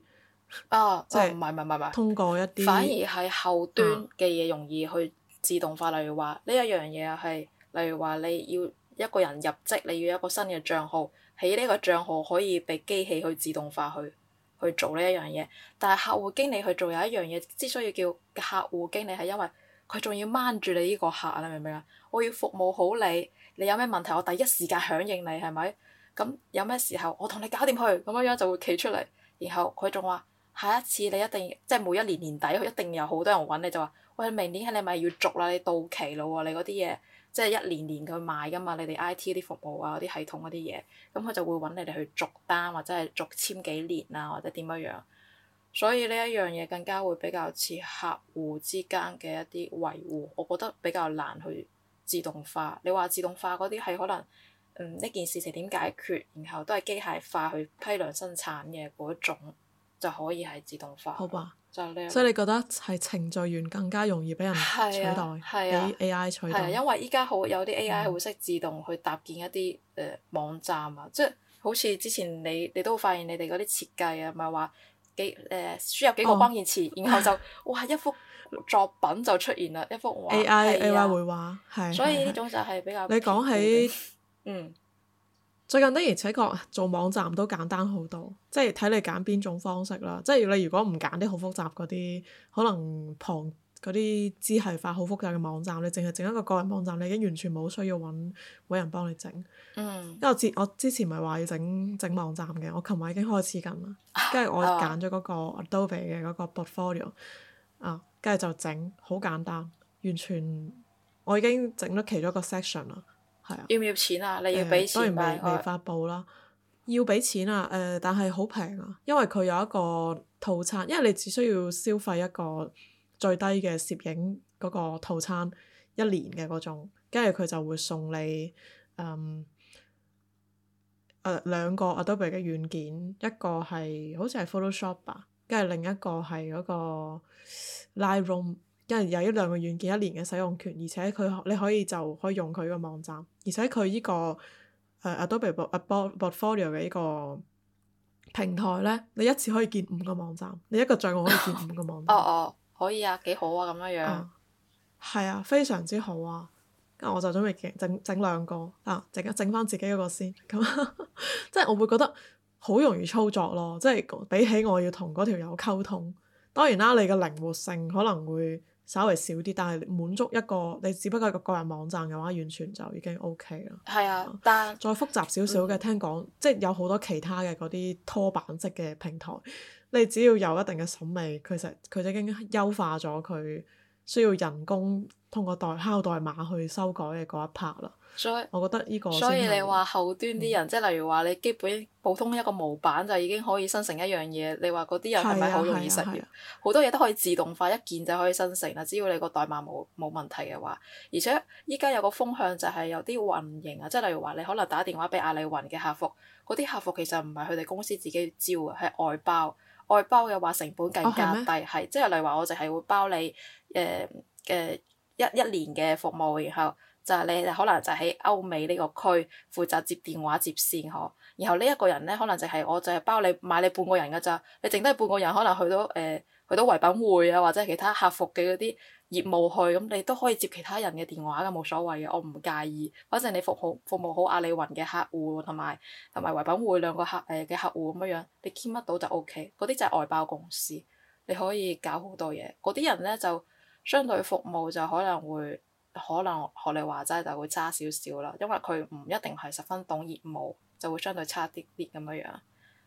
啊，即係唔係唔係唔係，啊、通過一啲反而係後端嘅嘢容易去自動化，嗯、例如話呢一樣嘢係例如話你要一個人入職，你要一個新嘅賬號，喺呢個賬號可以被機器去自動化去去做呢一樣嘢。但係客戶經理去做有一樣嘢，之所以叫客戶經理係因為佢仲要掹住你呢個客，你明唔明啊？我要服務好你，你有咩問題我第一時間響應你係咪？咁有咩時候我同你搞掂去，咁樣樣就會企出嚟。然後佢仲話：下一次你一定即係每一年年底，佢一定有好多人揾你就話，喂，明年你咪要續啦，你到期咯喎，你嗰啲嘢即係一年年佢買噶嘛，你哋 I T 啲服務啊、啲系統嗰啲嘢，咁佢就會揾你哋去續單或者係續簽幾年啊，或者點樣樣。所以呢一樣嘢更加會比較似客戶之間嘅一啲維護，我覺得比較難去自動化。你話自動化嗰啲係可能，嗯，呢件事情點解決，然後都係機械化去批量生產嘅嗰一種就可以係自動化。好吧。就係呢樣、這個。所以你覺得係程序員更加容易俾人取代，係啊，係啊俾 A.I. 取代、係啊係啊。因為依家好有啲 A.I. 會識自動去搭建一啲誒、呃、網站啊，即係好似之前你你都發現你哋嗰啲設計啊，唔係話。幾誒、呃、輸入幾個關鍵詞，哦、然後就哇 一幅作品就出現啦，一幅畫。AI，啊、A I A I 繪畫，係。所以呢種就係比較。你講起嗯，最近的而且確做網站都簡單好多，即係睇你揀邊種方式啦。即係你如果唔揀啲好複雜嗰啲，可能旁。嗰啲資系化好複雜嘅網站，你淨係整一個個人網站，你已經完全冇需要揾揾人幫你整。嗯、因為我之我之前咪話要整整網站嘅，我琴日已經開始緊啦。跟住我揀咗嗰個 Adobe 嘅嗰個 Portfolio 啊，跟住、啊、就整，好簡單，完全我已經整咗其中一個 section 啦。係啊。要唔要錢啊？你要俾錢咩？當然未未發布啦。要俾錢啊？誒，但係好平啊，因為佢有一個套餐，因為你只需要消費一個，最低嘅攝影嗰個套餐一年嘅嗰種，跟住佢就會送你，嗯，誒兩個 Adobe 嘅軟件，一個係好似係 Photoshop 吧，跟住另一個係嗰個 Lightroom，跟住有呢兩個軟件一年嘅使用權，而且佢你可以就可以用佢嘅網站，而且佢依個誒 Adobe Port Port Portfolio 嘅依個平台咧，你一次可以建五個網站，你一個帳戶可以建五個網站。可以啊，幾好啊，咁樣樣，係啊，啊，非常之好啊！咁我就準備整整兩個啊，整啊整翻自己嗰個先。咁即係我會覺得好容易操作咯，即係比起我要同嗰條友溝通，當然啦、啊，你嘅靈活性可能會稍為少啲，但係滿足一個你只不過個個人網站嘅話，完全就已經 OK 啦。係啊，啊但係再複雜少少嘅，嗯、聽講即係有好多其他嘅嗰啲拖板式嘅平台。你只要有一定嘅審美，其實佢就已經優化咗佢需要人工通過代敲代碼去修改嘅嗰一 part 啦。所以我覺得呢個所以你話後端啲人，嗯、即係例如話你基本普通一個模板就已經可以生成一樣嘢。你話嗰啲人係咪好容易失業？好、啊啊啊啊、多嘢都可以自動化，一件就可以生成啦。只要你個代碼冇冇問題嘅話，而且依家有個風向就係有啲運營啊，即係例如話你可能打電話俾阿里雲嘅客服，嗰啲客服其實唔係佢哋公司自己招嘅，係外包。外包嘅話成本更加低，係即係例如話我就係會包你誒嘅、呃呃、一一年嘅服務，然後就係你可能就喺歐美呢個區負責接電話接線嗬，然後呢一個人咧可能就係我就係包你買你半個人嘅咋，你剩低半個人可能去到誒。呃去到唯品會啊，或者其他客服嘅嗰啲業務去，咁你都可以接其他人嘅電話嘅，冇所謂嘅，我唔介意。反正你服務好服務好阿里雲嘅客戶，同埋同埋唯品會兩個客誒嘅、呃、客戶咁樣樣，你兼得到就 OK。嗰啲就外包公司，你可以搞好多嘢。嗰啲人呢，就相對服務就可能會可能學你話齋就會差少少啦，因為佢唔一定係十分懂業務，就會相對差啲啲咁樣樣。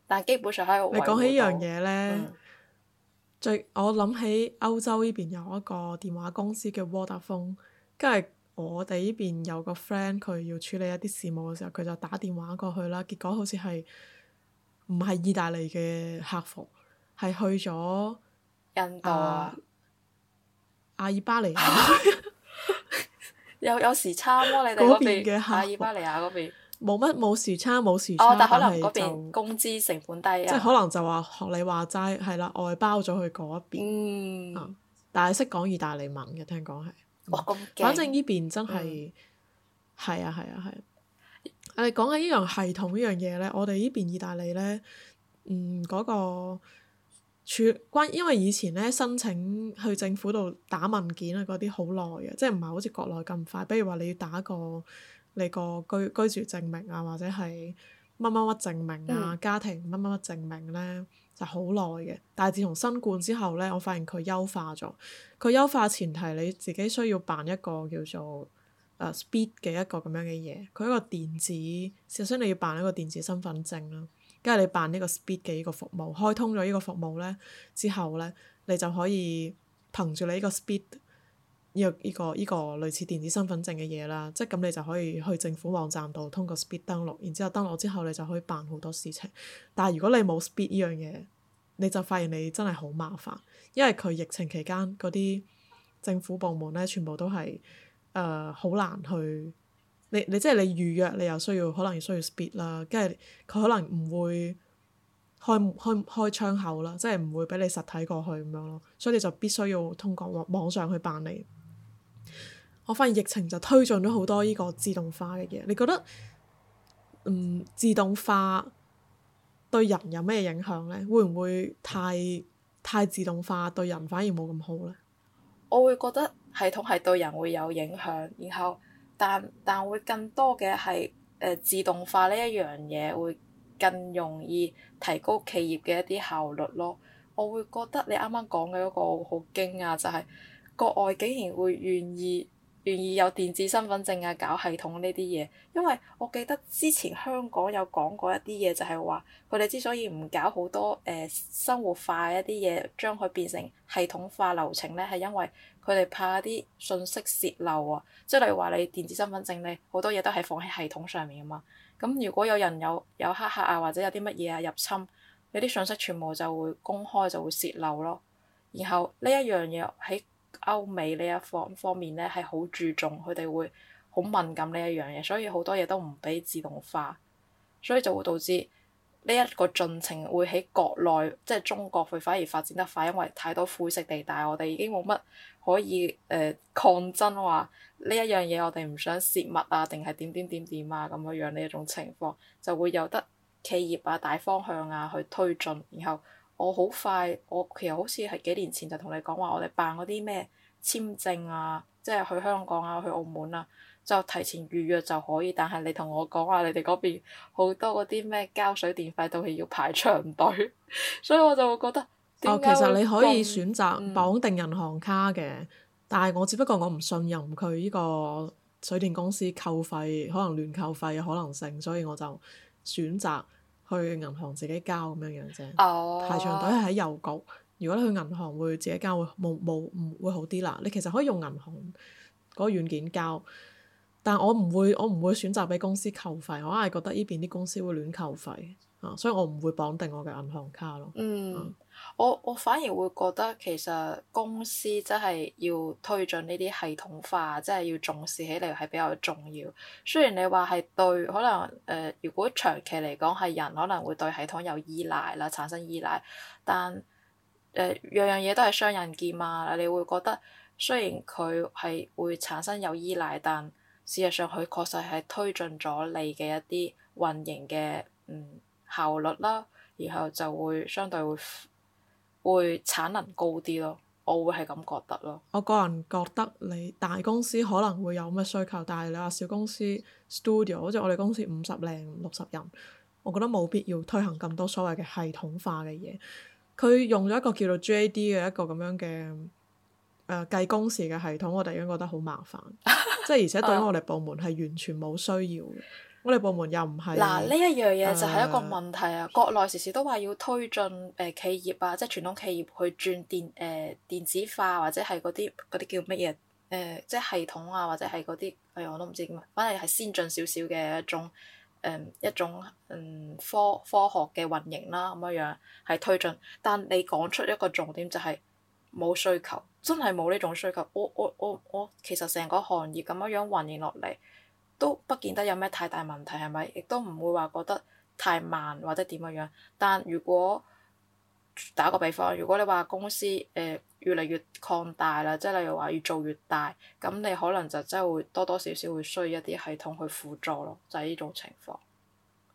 但基本上喺個唯講起一樣嘢呢。嗯最我諗起歐洲呢邊有一個電話公司叫 Vodafone，跟住我哋呢邊有個 friend 佢要處理一啲事務嘅時候，佢就打電話過去啦，結果好似係唔係意大利嘅客服，係去咗印度、啊、阿爾巴尼亞，有有時差咯，你哋嗰邊嘅客服阿爾巴尼亞嗰邊。冇乜冇時差冇時差，時差哦、但係就即係、工資成本低啊、可能就話學你話齋係啦，外包咗去嗰一邊。嗯，嗯，但係識講意大利文嘅聽講係。反正呢邊真係係啊係啊係啊！我哋講緊呢樣系統呢樣嘢咧，我哋呢邊意大利咧，嗯嗰、嗰個處關，因為以前咧申請去政府度打文件啊嗰啲好耐嘅，即係唔係好似國內咁快？比如話你要打個，你個居居住證明啊，或者係乜乜乜證明啊，家庭乜乜乜證明咧，就好耐嘅。但係自從新冠之後咧，我發現佢優化咗。佢優化前提，你自己需要辦一個叫做誒 speed 嘅一個咁樣嘅嘢，佢一個電子，首先你要辦一個電子身份證啦。跟住你辦呢個 speed 嘅呢個服務，開通咗呢個服務咧之後咧，你就可以憑住你呢個 speed。呢個呢個呢個類似電子身份證嘅嘢啦，即係咁你就可以去政府網站度通過 Speed 登錄，然之後登錄之後你就可以辦好多事情。但係如果你冇 Speed 呢樣嘢，你就發現你真係好麻煩，因為佢疫情期間嗰啲政府部門咧，全部都係誒好難去。你你即係、就是、你預約，你又需要可能要需要 Speed 啦，跟住佢可能唔會開開開窗口啦，即係唔會俾你實體過去咁樣咯，所以你就必須要通過網網上去辦理。我發現疫情就推進咗好多呢個自動化嘅嘢，你覺得嗯自動化對人有咩影響呢？會唔會太太自動化對人反而冇咁好呢？我會覺得系統係對人會有影響，然後但但會更多嘅係誒自動化呢一樣嘢會更容易提高企業嘅一啲效率咯。我會覺得你啱啱講嘅嗰個好驚訝，就係國外竟然會願意。願意有電子身份證啊，搞系統呢啲嘢，因為我記得之前香港有講過一啲嘢，就係話佢哋之所以唔搞好多誒、呃、生活化一啲嘢，將佢變成系統化流程呢，係因為佢哋怕啲信息洩漏啊。即係例如話你電子身份證呢，好多嘢都係放喺系統上面啊嘛。咁如果有人有有黑客啊，或者有啲乜嘢啊入侵，有啲信息全部就會公開就會洩漏咯。然後呢一樣嘢喺。歐美呢一方方面呢係好注重，佢哋會好敏感呢一樣嘢，所以好多嘢都唔俾自動化，所以就會導致呢一個進程會喺國內，即係中國佢反而發展得快，因為太多灰色地帶，我哋已經冇乜可以誒、呃、抗爭話呢一樣嘢我哋唔想泄密啊，定係點點點點啊咁樣樣，呢一種情況就會有得企業啊大方向啊去推進，然後。我好快，我其實好似係幾年前就同你講話，我哋辦嗰啲咩簽證啊，即係去香港啊，去澳門啊，就提前預約就可以。但係你同我講話啊，你哋嗰邊好多嗰啲咩交水電費都係要排長隊，所以我就會覺得會。哦，其實你可以選擇綁定銀行卡嘅，嗯、但係我只不過我唔信任佢呢個水電公司扣費可能亂扣費嘅可能性，所以我就選擇。去銀行自己交咁樣樣啫，排長、oh. 隊係喺郵局。如果你去銀行會自己交，會冇冇唔會好啲啦。你其實可以用銀行嗰個軟件交，但我唔會，我唔會選擇俾公司扣費。我硬係覺得呢邊啲公司會亂扣費、啊、所以我唔會綁定我嘅銀行卡咯。Mm. 啊我我反而會覺得其實公司真係要推進呢啲系統化，真係要重視起嚟係比較重要。雖然你話係對可能誒、呃，如果長期嚟講係人可能會對系統有依賴啦，產生依賴，但誒、呃、樣樣嘢都係雙刃劍嘛。你會覺得雖然佢係會產生有依賴，但事實上佢確實係推進咗你嘅一啲運營嘅效率啦，然後就會相對會。會產能高啲咯，我會係咁覺得咯。我個人覺得你大公司可能會有咁嘅需求，但係你話小公司 studio，好似我哋公司五十零六十人，我覺得冇必要推行咁多所謂嘅系統化嘅嘢。佢用咗一個叫做 JD 嘅一個咁樣嘅誒計工時嘅系統，我突然間覺得好麻煩，即係 而且對於我哋部門係完全冇需要嘅。我哋部門又唔係嗱，呢一樣嘢就係一個問題啊！啊國內時時都話要推進誒、呃、企業啊，即係傳統企業去轉電誒、呃、電子化或者係嗰啲嗰啲叫乜嘢誒，即係系統啊，或者係嗰啲，哎呀我都唔知點，反正係先進少少嘅一種誒、呃、一種嗯科科學嘅運營啦、啊、咁樣樣係推進，但你講出一個重點就係冇需求，真係冇呢種需求。我我我我其實成個行業咁樣樣運營落嚟。都不見得有咩太大問題係咪？亦都唔會話覺得太慢或者點樣樣。但如果打個比方，如果你話公司誒、呃、越嚟越擴大啦，即係例如話越做越大，咁你可能就真係會多多少少會需要一啲系統去輔助咯，就係、是、呢種情況。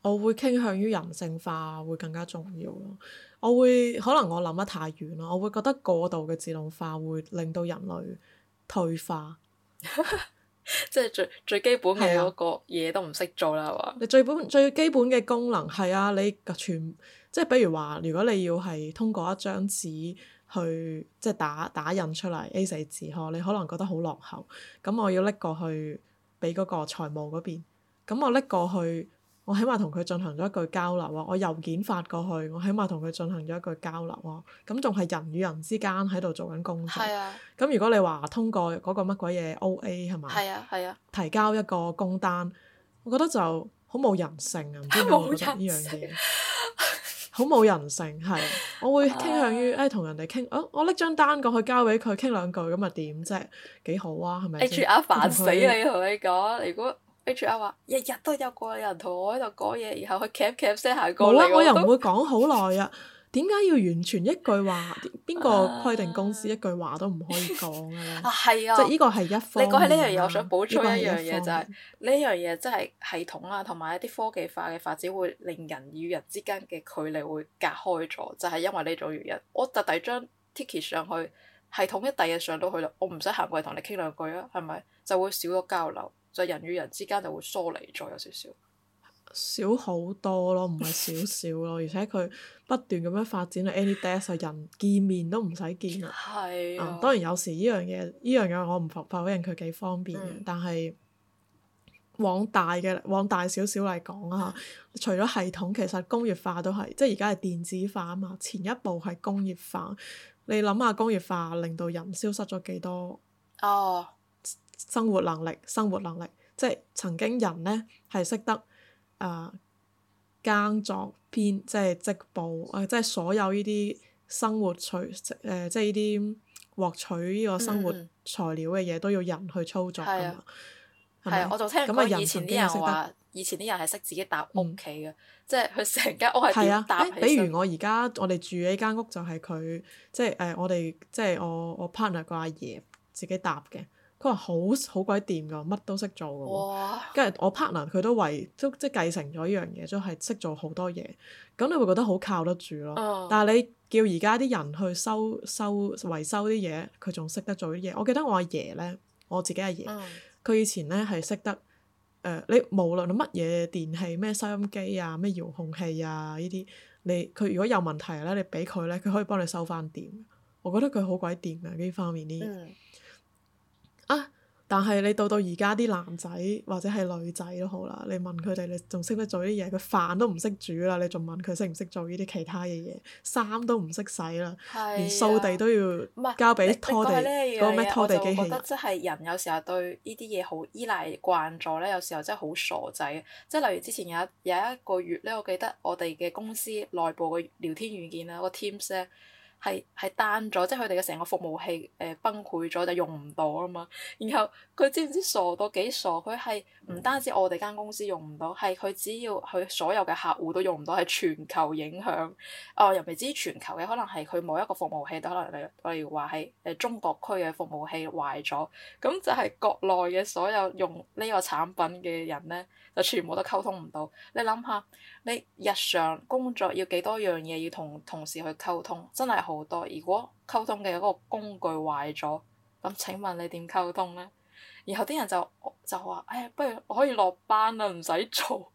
我會傾向於人性化會更加重要咯。我會可能我諗得太遠咯。我會覺得過度嘅自動化會令到人類退化。 即係最最基本嘅嗰個嘢，都唔識做啦，係嘛、啊？吧你最本最基本嘅功能係啊，你全即係比如話，如果你要係通過一張紙去即係打打印出嚟 A4 紙，嗬，你可能覺得好落後。咁我要搦過去俾嗰個財務嗰邊，咁我搦過去。我起碼同佢進行咗一句交流啊！我郵件發過去，我起碼同佢進行咗一句交流啊！咁仲係人與人之間喺度做緊工作。咁是、啊、如果你話通過嗰個乜鬼嘢 OA 係嘛？係啊係啊。提交一個工單，我覺得就好冇人，人性啊！唔知點解呢樣嘢，好冇人性係。我會傾向於誒同、 哎、人哋傾、啊，我我搦張單過去交俾佢傾兩句，咁咪點啫？幾好啊？係咪？HR 煩死你，你，同你講，如果。H.R. 話日日都有個人同我喺度講嘢，然後去 cap cap 聲行過。冇啦，我又唔會講好耐啊。點解 要完全一句話？邊個規定公司一句話都唔可以講噶咧？ 啊，係啊，即係呢個係一方。你講起呢樣嘢，啊、我想補充一樣嘢就係呢樣嘢，即、這、係、個、系統啊，同埋一啲科技化嘅發展會令人與人之間嘅距離會隔開咗，就係、是、因為呢種原因。我特地將 t i k i 上去系統一第日上到去啦，我唔使行過去同你傾兩句啊，係咪就會少咗交流？就人與人之間就會疏離，咗，有少少，少好多咯，唔係少少咯， 而且佢不斷咁樣發展啊 any day 就人見面都唔使見啦。係、啊嗯、當然有時呢樣嘢，呢樣嘢我唔否否認佢幾方便、嗯、但係往大嘅往大少少嚟講啊，是除咗系統，其實工業化都係，即係而家係電子化啊嘛。前一步係工業化，你諗下工業化令到人消失咗幾多？哦生活能力，生活能力，即係曾經人咧係識得誒耕作編，即係織布，誒即係所有呢啲生活取誒即係呢啲獲取呢個生活材料嘅嘢都要人去操作噶嘛。係啊，係啊，我仲聽人講以前啲人識得，以前啲人係識自己搭屋企嘅，即係佢成間屋係點搭起上。比如我而家我哋住嘅呢間屋就係佢，即係誒我哋即係我我 partner 個阿爺自己搭嘅。佢話好好鬼掂㗎，乜都識做㗎。跟住哇我 partner 佢都維都即係繼承咗呢樣嘢，即係識做好多嘢。咁你會覺得好靠得住咯。嗯、但係你叫而家啲人去修修維修啲嘢，佢仲識得做啲嘢。我記得我阿爺咧，我自己阿爺，佢、嗯、以前咧係識得誒、呃，你無論乜嘢電器，咩收音機啊，咩遙控器啊呢啲，你佢如果有問題咧，你俾佢咧，佢可以幫你修翻掂。我覺得佢好鬼掂嘅呢方面啲嘢。嗯啊！但係你到到而家啲男仔或者係女仔都好啦，你問佢哋你仲識得做啲嘢？佢飯都唔識煮啦，你仲問佢識唔識做呢啲其他嘅嘢？衫都唔識洗啦，啊、連掃地都要交俾拖地嗰個咩是拖地機器人。即係人有時候對呢啲嘢好依賴慣咗咧，有時候真係好傻仔。即係例如之前有有一個月咧，我記得我哋嘅公司內部嘅聊天軟件啦，個 Teams 咧。係係單咗，即係佢哋嘅成個服務器誒崩潰咗，就用唔到啊嘛。然後佢知唔知傻到幾傻？佢係唔單止我哋間公司用唔到，係佢、嗯、只要佢所有嘅客戶都用唔到，係全球影響。哦，又唔知全球嘅，可能係佢某一個服務器，可能例如話係誒中國區嘅服務器壞咗，咁就係國內嘅所有用呢個產品嘅人咧。就全部都溝通唔到，你諗下，你日常工作要幾多樣嘢要同同事去溝通，真係好多。如果溝通嘅嗰個工具壞咗，咁請問你點溝通咧？然後啲人就就話：哎，不如我可以落班啦，唔使做。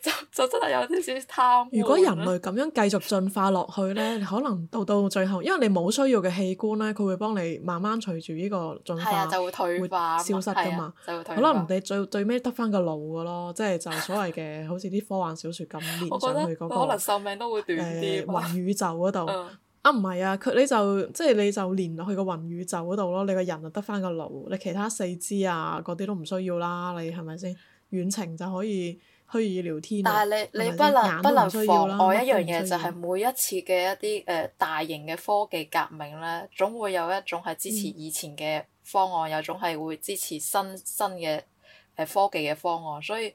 就就真係有啲少少貪。如果人類咁樣繼續進化落去咧， 可能到到最後，因為你冇需要嘅器官咧，佢會幫你慢慢隨住呢個進化，啊、就會，退化會消失㗎嘛。啊、可能你最最尾得翻個腦㗎咯，即、就、係、是、就所謂嘅 好似啲科幻小説咁連上去嗰、那個。那個、可能壽命都會短啲。雲、呃、宇宙嗰度、 嗯、啊，唔係啊，佢你就即係、就是你，就是、你就連落去個雲宇，宇宙嗰度咯，你個人就得翻個腦，你其他四肢啊嗰啲都唔需要啦，你係咪先遠程就可以。虛擬聊天，但係你你，你不能不能妨礙一樣嘢，就係每一次嘅一啲誒、呃、大型嘅科技革命呢，總會有一種係支持以前嘅方案，有種係會支持新新嘅、呃、科技嘅方案，所以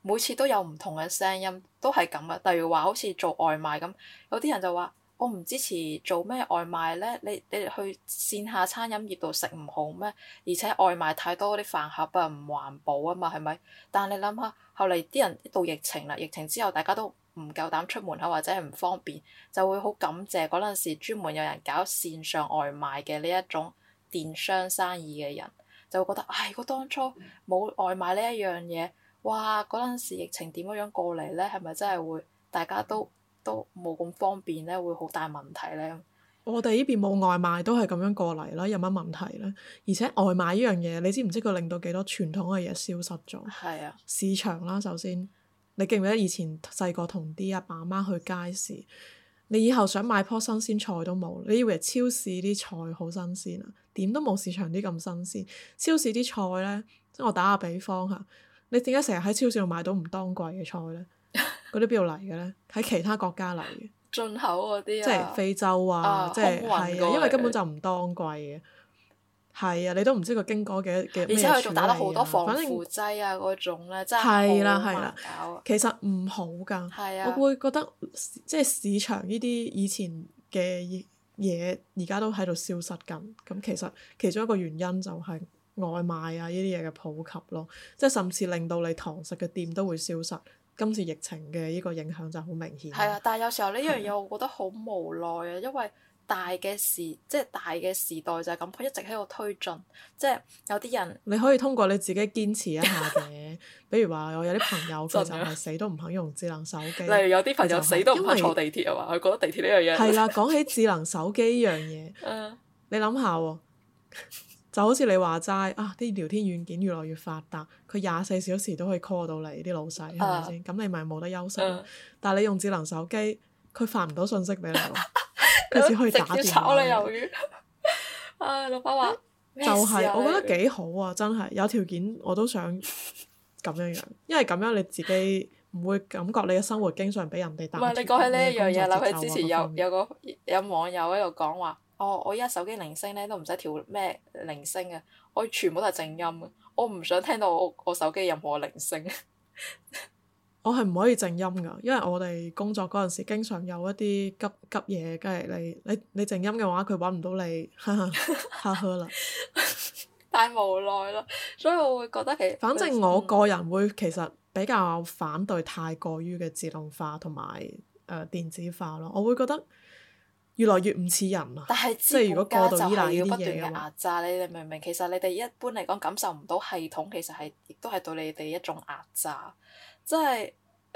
每次都有唔同嘅聲音，都係咁嘅。例如話好似做外賣咁，有啲人就話我唔支持做咩外賣呢？你你去線下餐飲業度食唔好咩？而且外賣太多嗰啲飯盒啊，唔環保啊嘛，係咪？但係你諗下。後嚟啲人一到疫情啦，疫情之後大家都唔夠膽出門口或者係唔方便，就會好感謝嗰陣時專門有人搞線上外賣嘅呢一種電商生意嘅人，就會覺得唉、哎，我當初冇外賣呢一樣嘢，哇！嗰陣時疫情點樣過嚟呢？係咪真係會大家都都冇咁方便呢？會好大問題呢。我哋依邊冇外賣都係咁樣過嚟啦，有乜問題呢？而且外賣呢樣嘢，你知唔知佢令到幾多傳統嘅嘢消失咗？係啊，市場啦，首先你記唔記得以前細個同啲阿爸阿媽去街市，你以後想買樖新鮮菜都冇。你以為超市啲菜好新鮮啊？點都冇市場啲咁新鮮。超市啲菜呢？即係我打個比方吓，你點解成日喺超市度買到唔當季嘅菜呢？嗰啲邊度嚟嘅呢？喺其他國家嚟嘅。進口嗰啲啊，即係非洲啊，啊即係是係啊，因為根本就唔當季嘅。係啊，你都唔知佢經過幾多咩處理、啊、而且佢仲打得好多防腐劑啊，嗰種咧真係好難搞、啊啊啊。其實唔好㗎。係啊。我會覺得即係市場呢啲以前嘅嘢，而家都喺度消失緊。咁其實其中一個原因就係外賣啊，呢啲嘢嘅普及咯，即係甚至令到你堂食嘅店都會消失。今次疫情嘅呢個影響就好明顯。係啊，但係有時候呢樣嘢我覺得好無奈啊，的因為大嘅時即係、就是、大嘅時代就係咁，佢一直喺度推進，即、就、係、是、有啲人你可以通過你自己堅持一下嘅。 比如話我有啲朋友佢就係死都唔肯用智能手機， 例如有啲朋友死都唔肯坐地鐵啊，嘛 為，佢覺得地鐵呢樣嘢。係啦為，講起智能手機呢樣嘢， 你諗下喎，就好似你話齋啊啲聊天軟件越來越發達。廿四小時都可以 call 到你啲老細，係咪先？咁你咪冇得休息。但係你用智能手機，佢發唔到信息俾你咯，佢只可以打電話。唉，老闆話就係，我覺得幾好啊！真係有條件我都想咁樣樣，因為咁樣你自己唔會感覺你嘅生活經常俾人哋打。唔係你講起呢一樣嘢，諗佢之前有有個有網友喺度講話，哦，我依家手機鈴聲咧都唔使調咩鈴聲啊，我全部都係靜音啊。我唔想聽到我，我手機任何嘅鈴聲， 我係唔可以靜音㗎，因為我哋工作嗰陣時經常有一啲急急嘢，跟住你你你靜音嘅話，佢搵唔到你，呵呵啦，太無奈啦，所以我會覺得其反正我個人會其實比較反對太過於嘅自動化同埋誒電子化咯，我會覺得。越嚟越唔似人啦，但係，即係如果過度依賴呢啲嘢，不斷嘅壓榨，你哋明唔明？其實你哋一般嚟講感受唔到系統，其實係亦都係對你哋一種壓榨。即係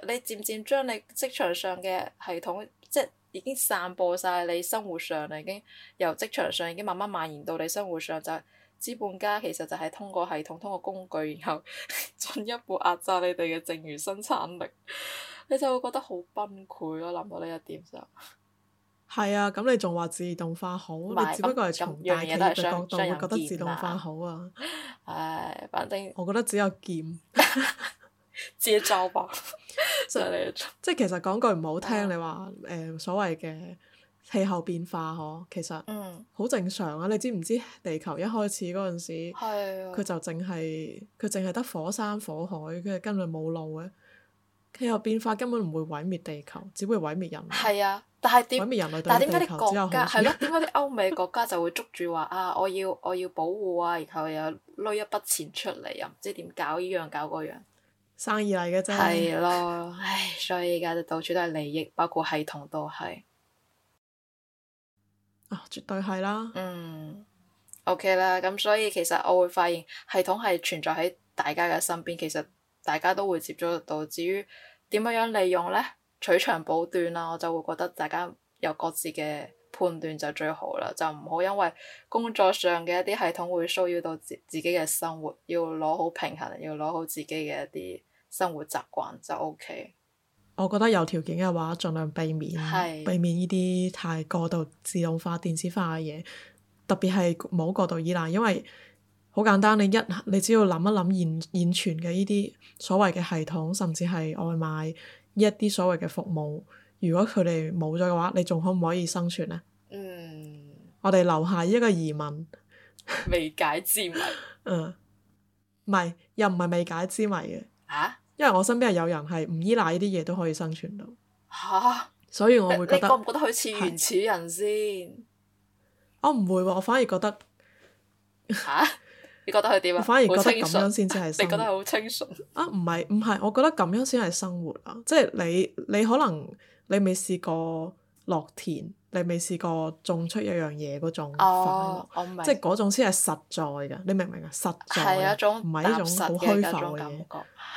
你漸漸將你職場上嘅系統，即係已經散播晒，你生活上，已經由職場上已經慢慢蔓延到你生活上，就資本家其實就係通過系統、通過工具，然後進一步壓榨你哋嘅剩餘生產力。你就會覺得好崩潰咯，諗到呢一點就～係啊，咁你仲話自動化好？是你只不過係從大企業嘅角度會、啊、覺得自動化好啊。 唉，反正我覺得只有劍 自己招吧。即係你，即係其實講句唔好聽，啊、你話誒、呃、所謂嘅氣候變化嗬，其實好正常啊！你知唔知地球一開始嗰陣時，佢、嗯、就淨係佢淨係得火山火海，跟住根本冇路嘅氣候變化根本唔會毀滅地球，只會毀滅人類。但係點？但係點解啲國家係咯？點解啲歐美國家就會捉住話 啊？我要我要保護啊！然後又攞一筆錢出嚟，又唔知點搞呢樣搞嗰樣生意嚟嘅啫。真係係咯， 唉！所以而家就到處都係利益，包括系統都係啊，絕對係啦。嗯，OK 啦。咁所以其實我會發現系統係存在喺大家嘅身邊，其實大家都會接觸得到。至於點樣樣利用呢？取長補短啦，我就會覺得大家有各自嘅判斷就最好啦，就唔好因為工作上嘅一啲系統會騷擾到自自己嘅生活，要攞好平衡，要攞好自己嘅一啲生活習慣就 OK。我覺得有條件嘅話，盡量避免是避免呢啲太過度自動化、電子化嘅嘢，特別係冇過度依賴，因為好簡單，你一你只要諗一諗現現存嘅呢啲所謂嘅系統，甚至係外賣。依一啲所謂嘅服務，如果佢哋冇咗嘅話，你仲可唔可以生存咧？嗯，我哋留下一個疑問， 未解之謎。 嗯，唔係又唔係未解之謎嘅。嚇、啊！因為我身邊係有人係唔依賴呢啲嘢都可以生存到。嚇、啊！所以我會覺得，你覺唔覺得佢似原始人先？我唔會喎，我反而覺得嚇。啊 你覺得係點啊？我反而覺得咁樣先至係生活啊，你覺得係好清純啊？唔係唔係，我覺得咁樣先係生活啊！即係你你可能你未試過落田，你未試過種出一樣嘢嗰種哦，我明，即係嗰種先係實在噶，你明唔明啊？實在係一種唔係呢種好虛浮嘅感覺，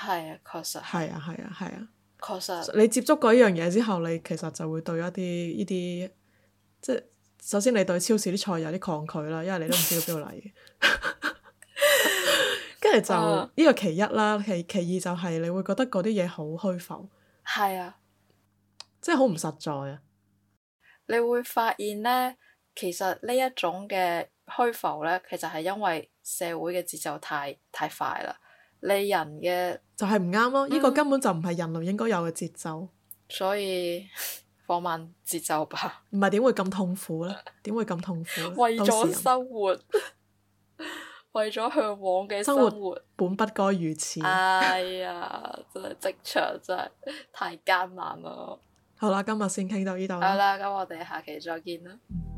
係啊，確實係啊，係啊，係啊，確實你接觸過嗰樣嘢之後，你其實就會對一啲呢啲，即係首先你對超市啲菜有啲抗拒啦，因為你都唔知道邊度嚟。 跟住就呢、啊、個其一啦，其其二就係你會覺得嗰啲嘢好虛浮，係啊，即係好唔實在啊！你會發現呢，其實呢一種嘅虛浮呢，其實係因為社會嘅節奏太太快啦，你人嘅就係唔啱咯，呢、嗯、個根本就唔係人類應該有嘅節奏，所以放慢節奏吧。唔係點會咁痛苦呢？點會咁痛苦？ 為咗生活。 為咗嚮往嘅生活，生活本不該如此。 哎呀，就是、真係職場真係太艱難啦！好啦，今日先傾到呢度。好啦，咁我哋下期再見啦。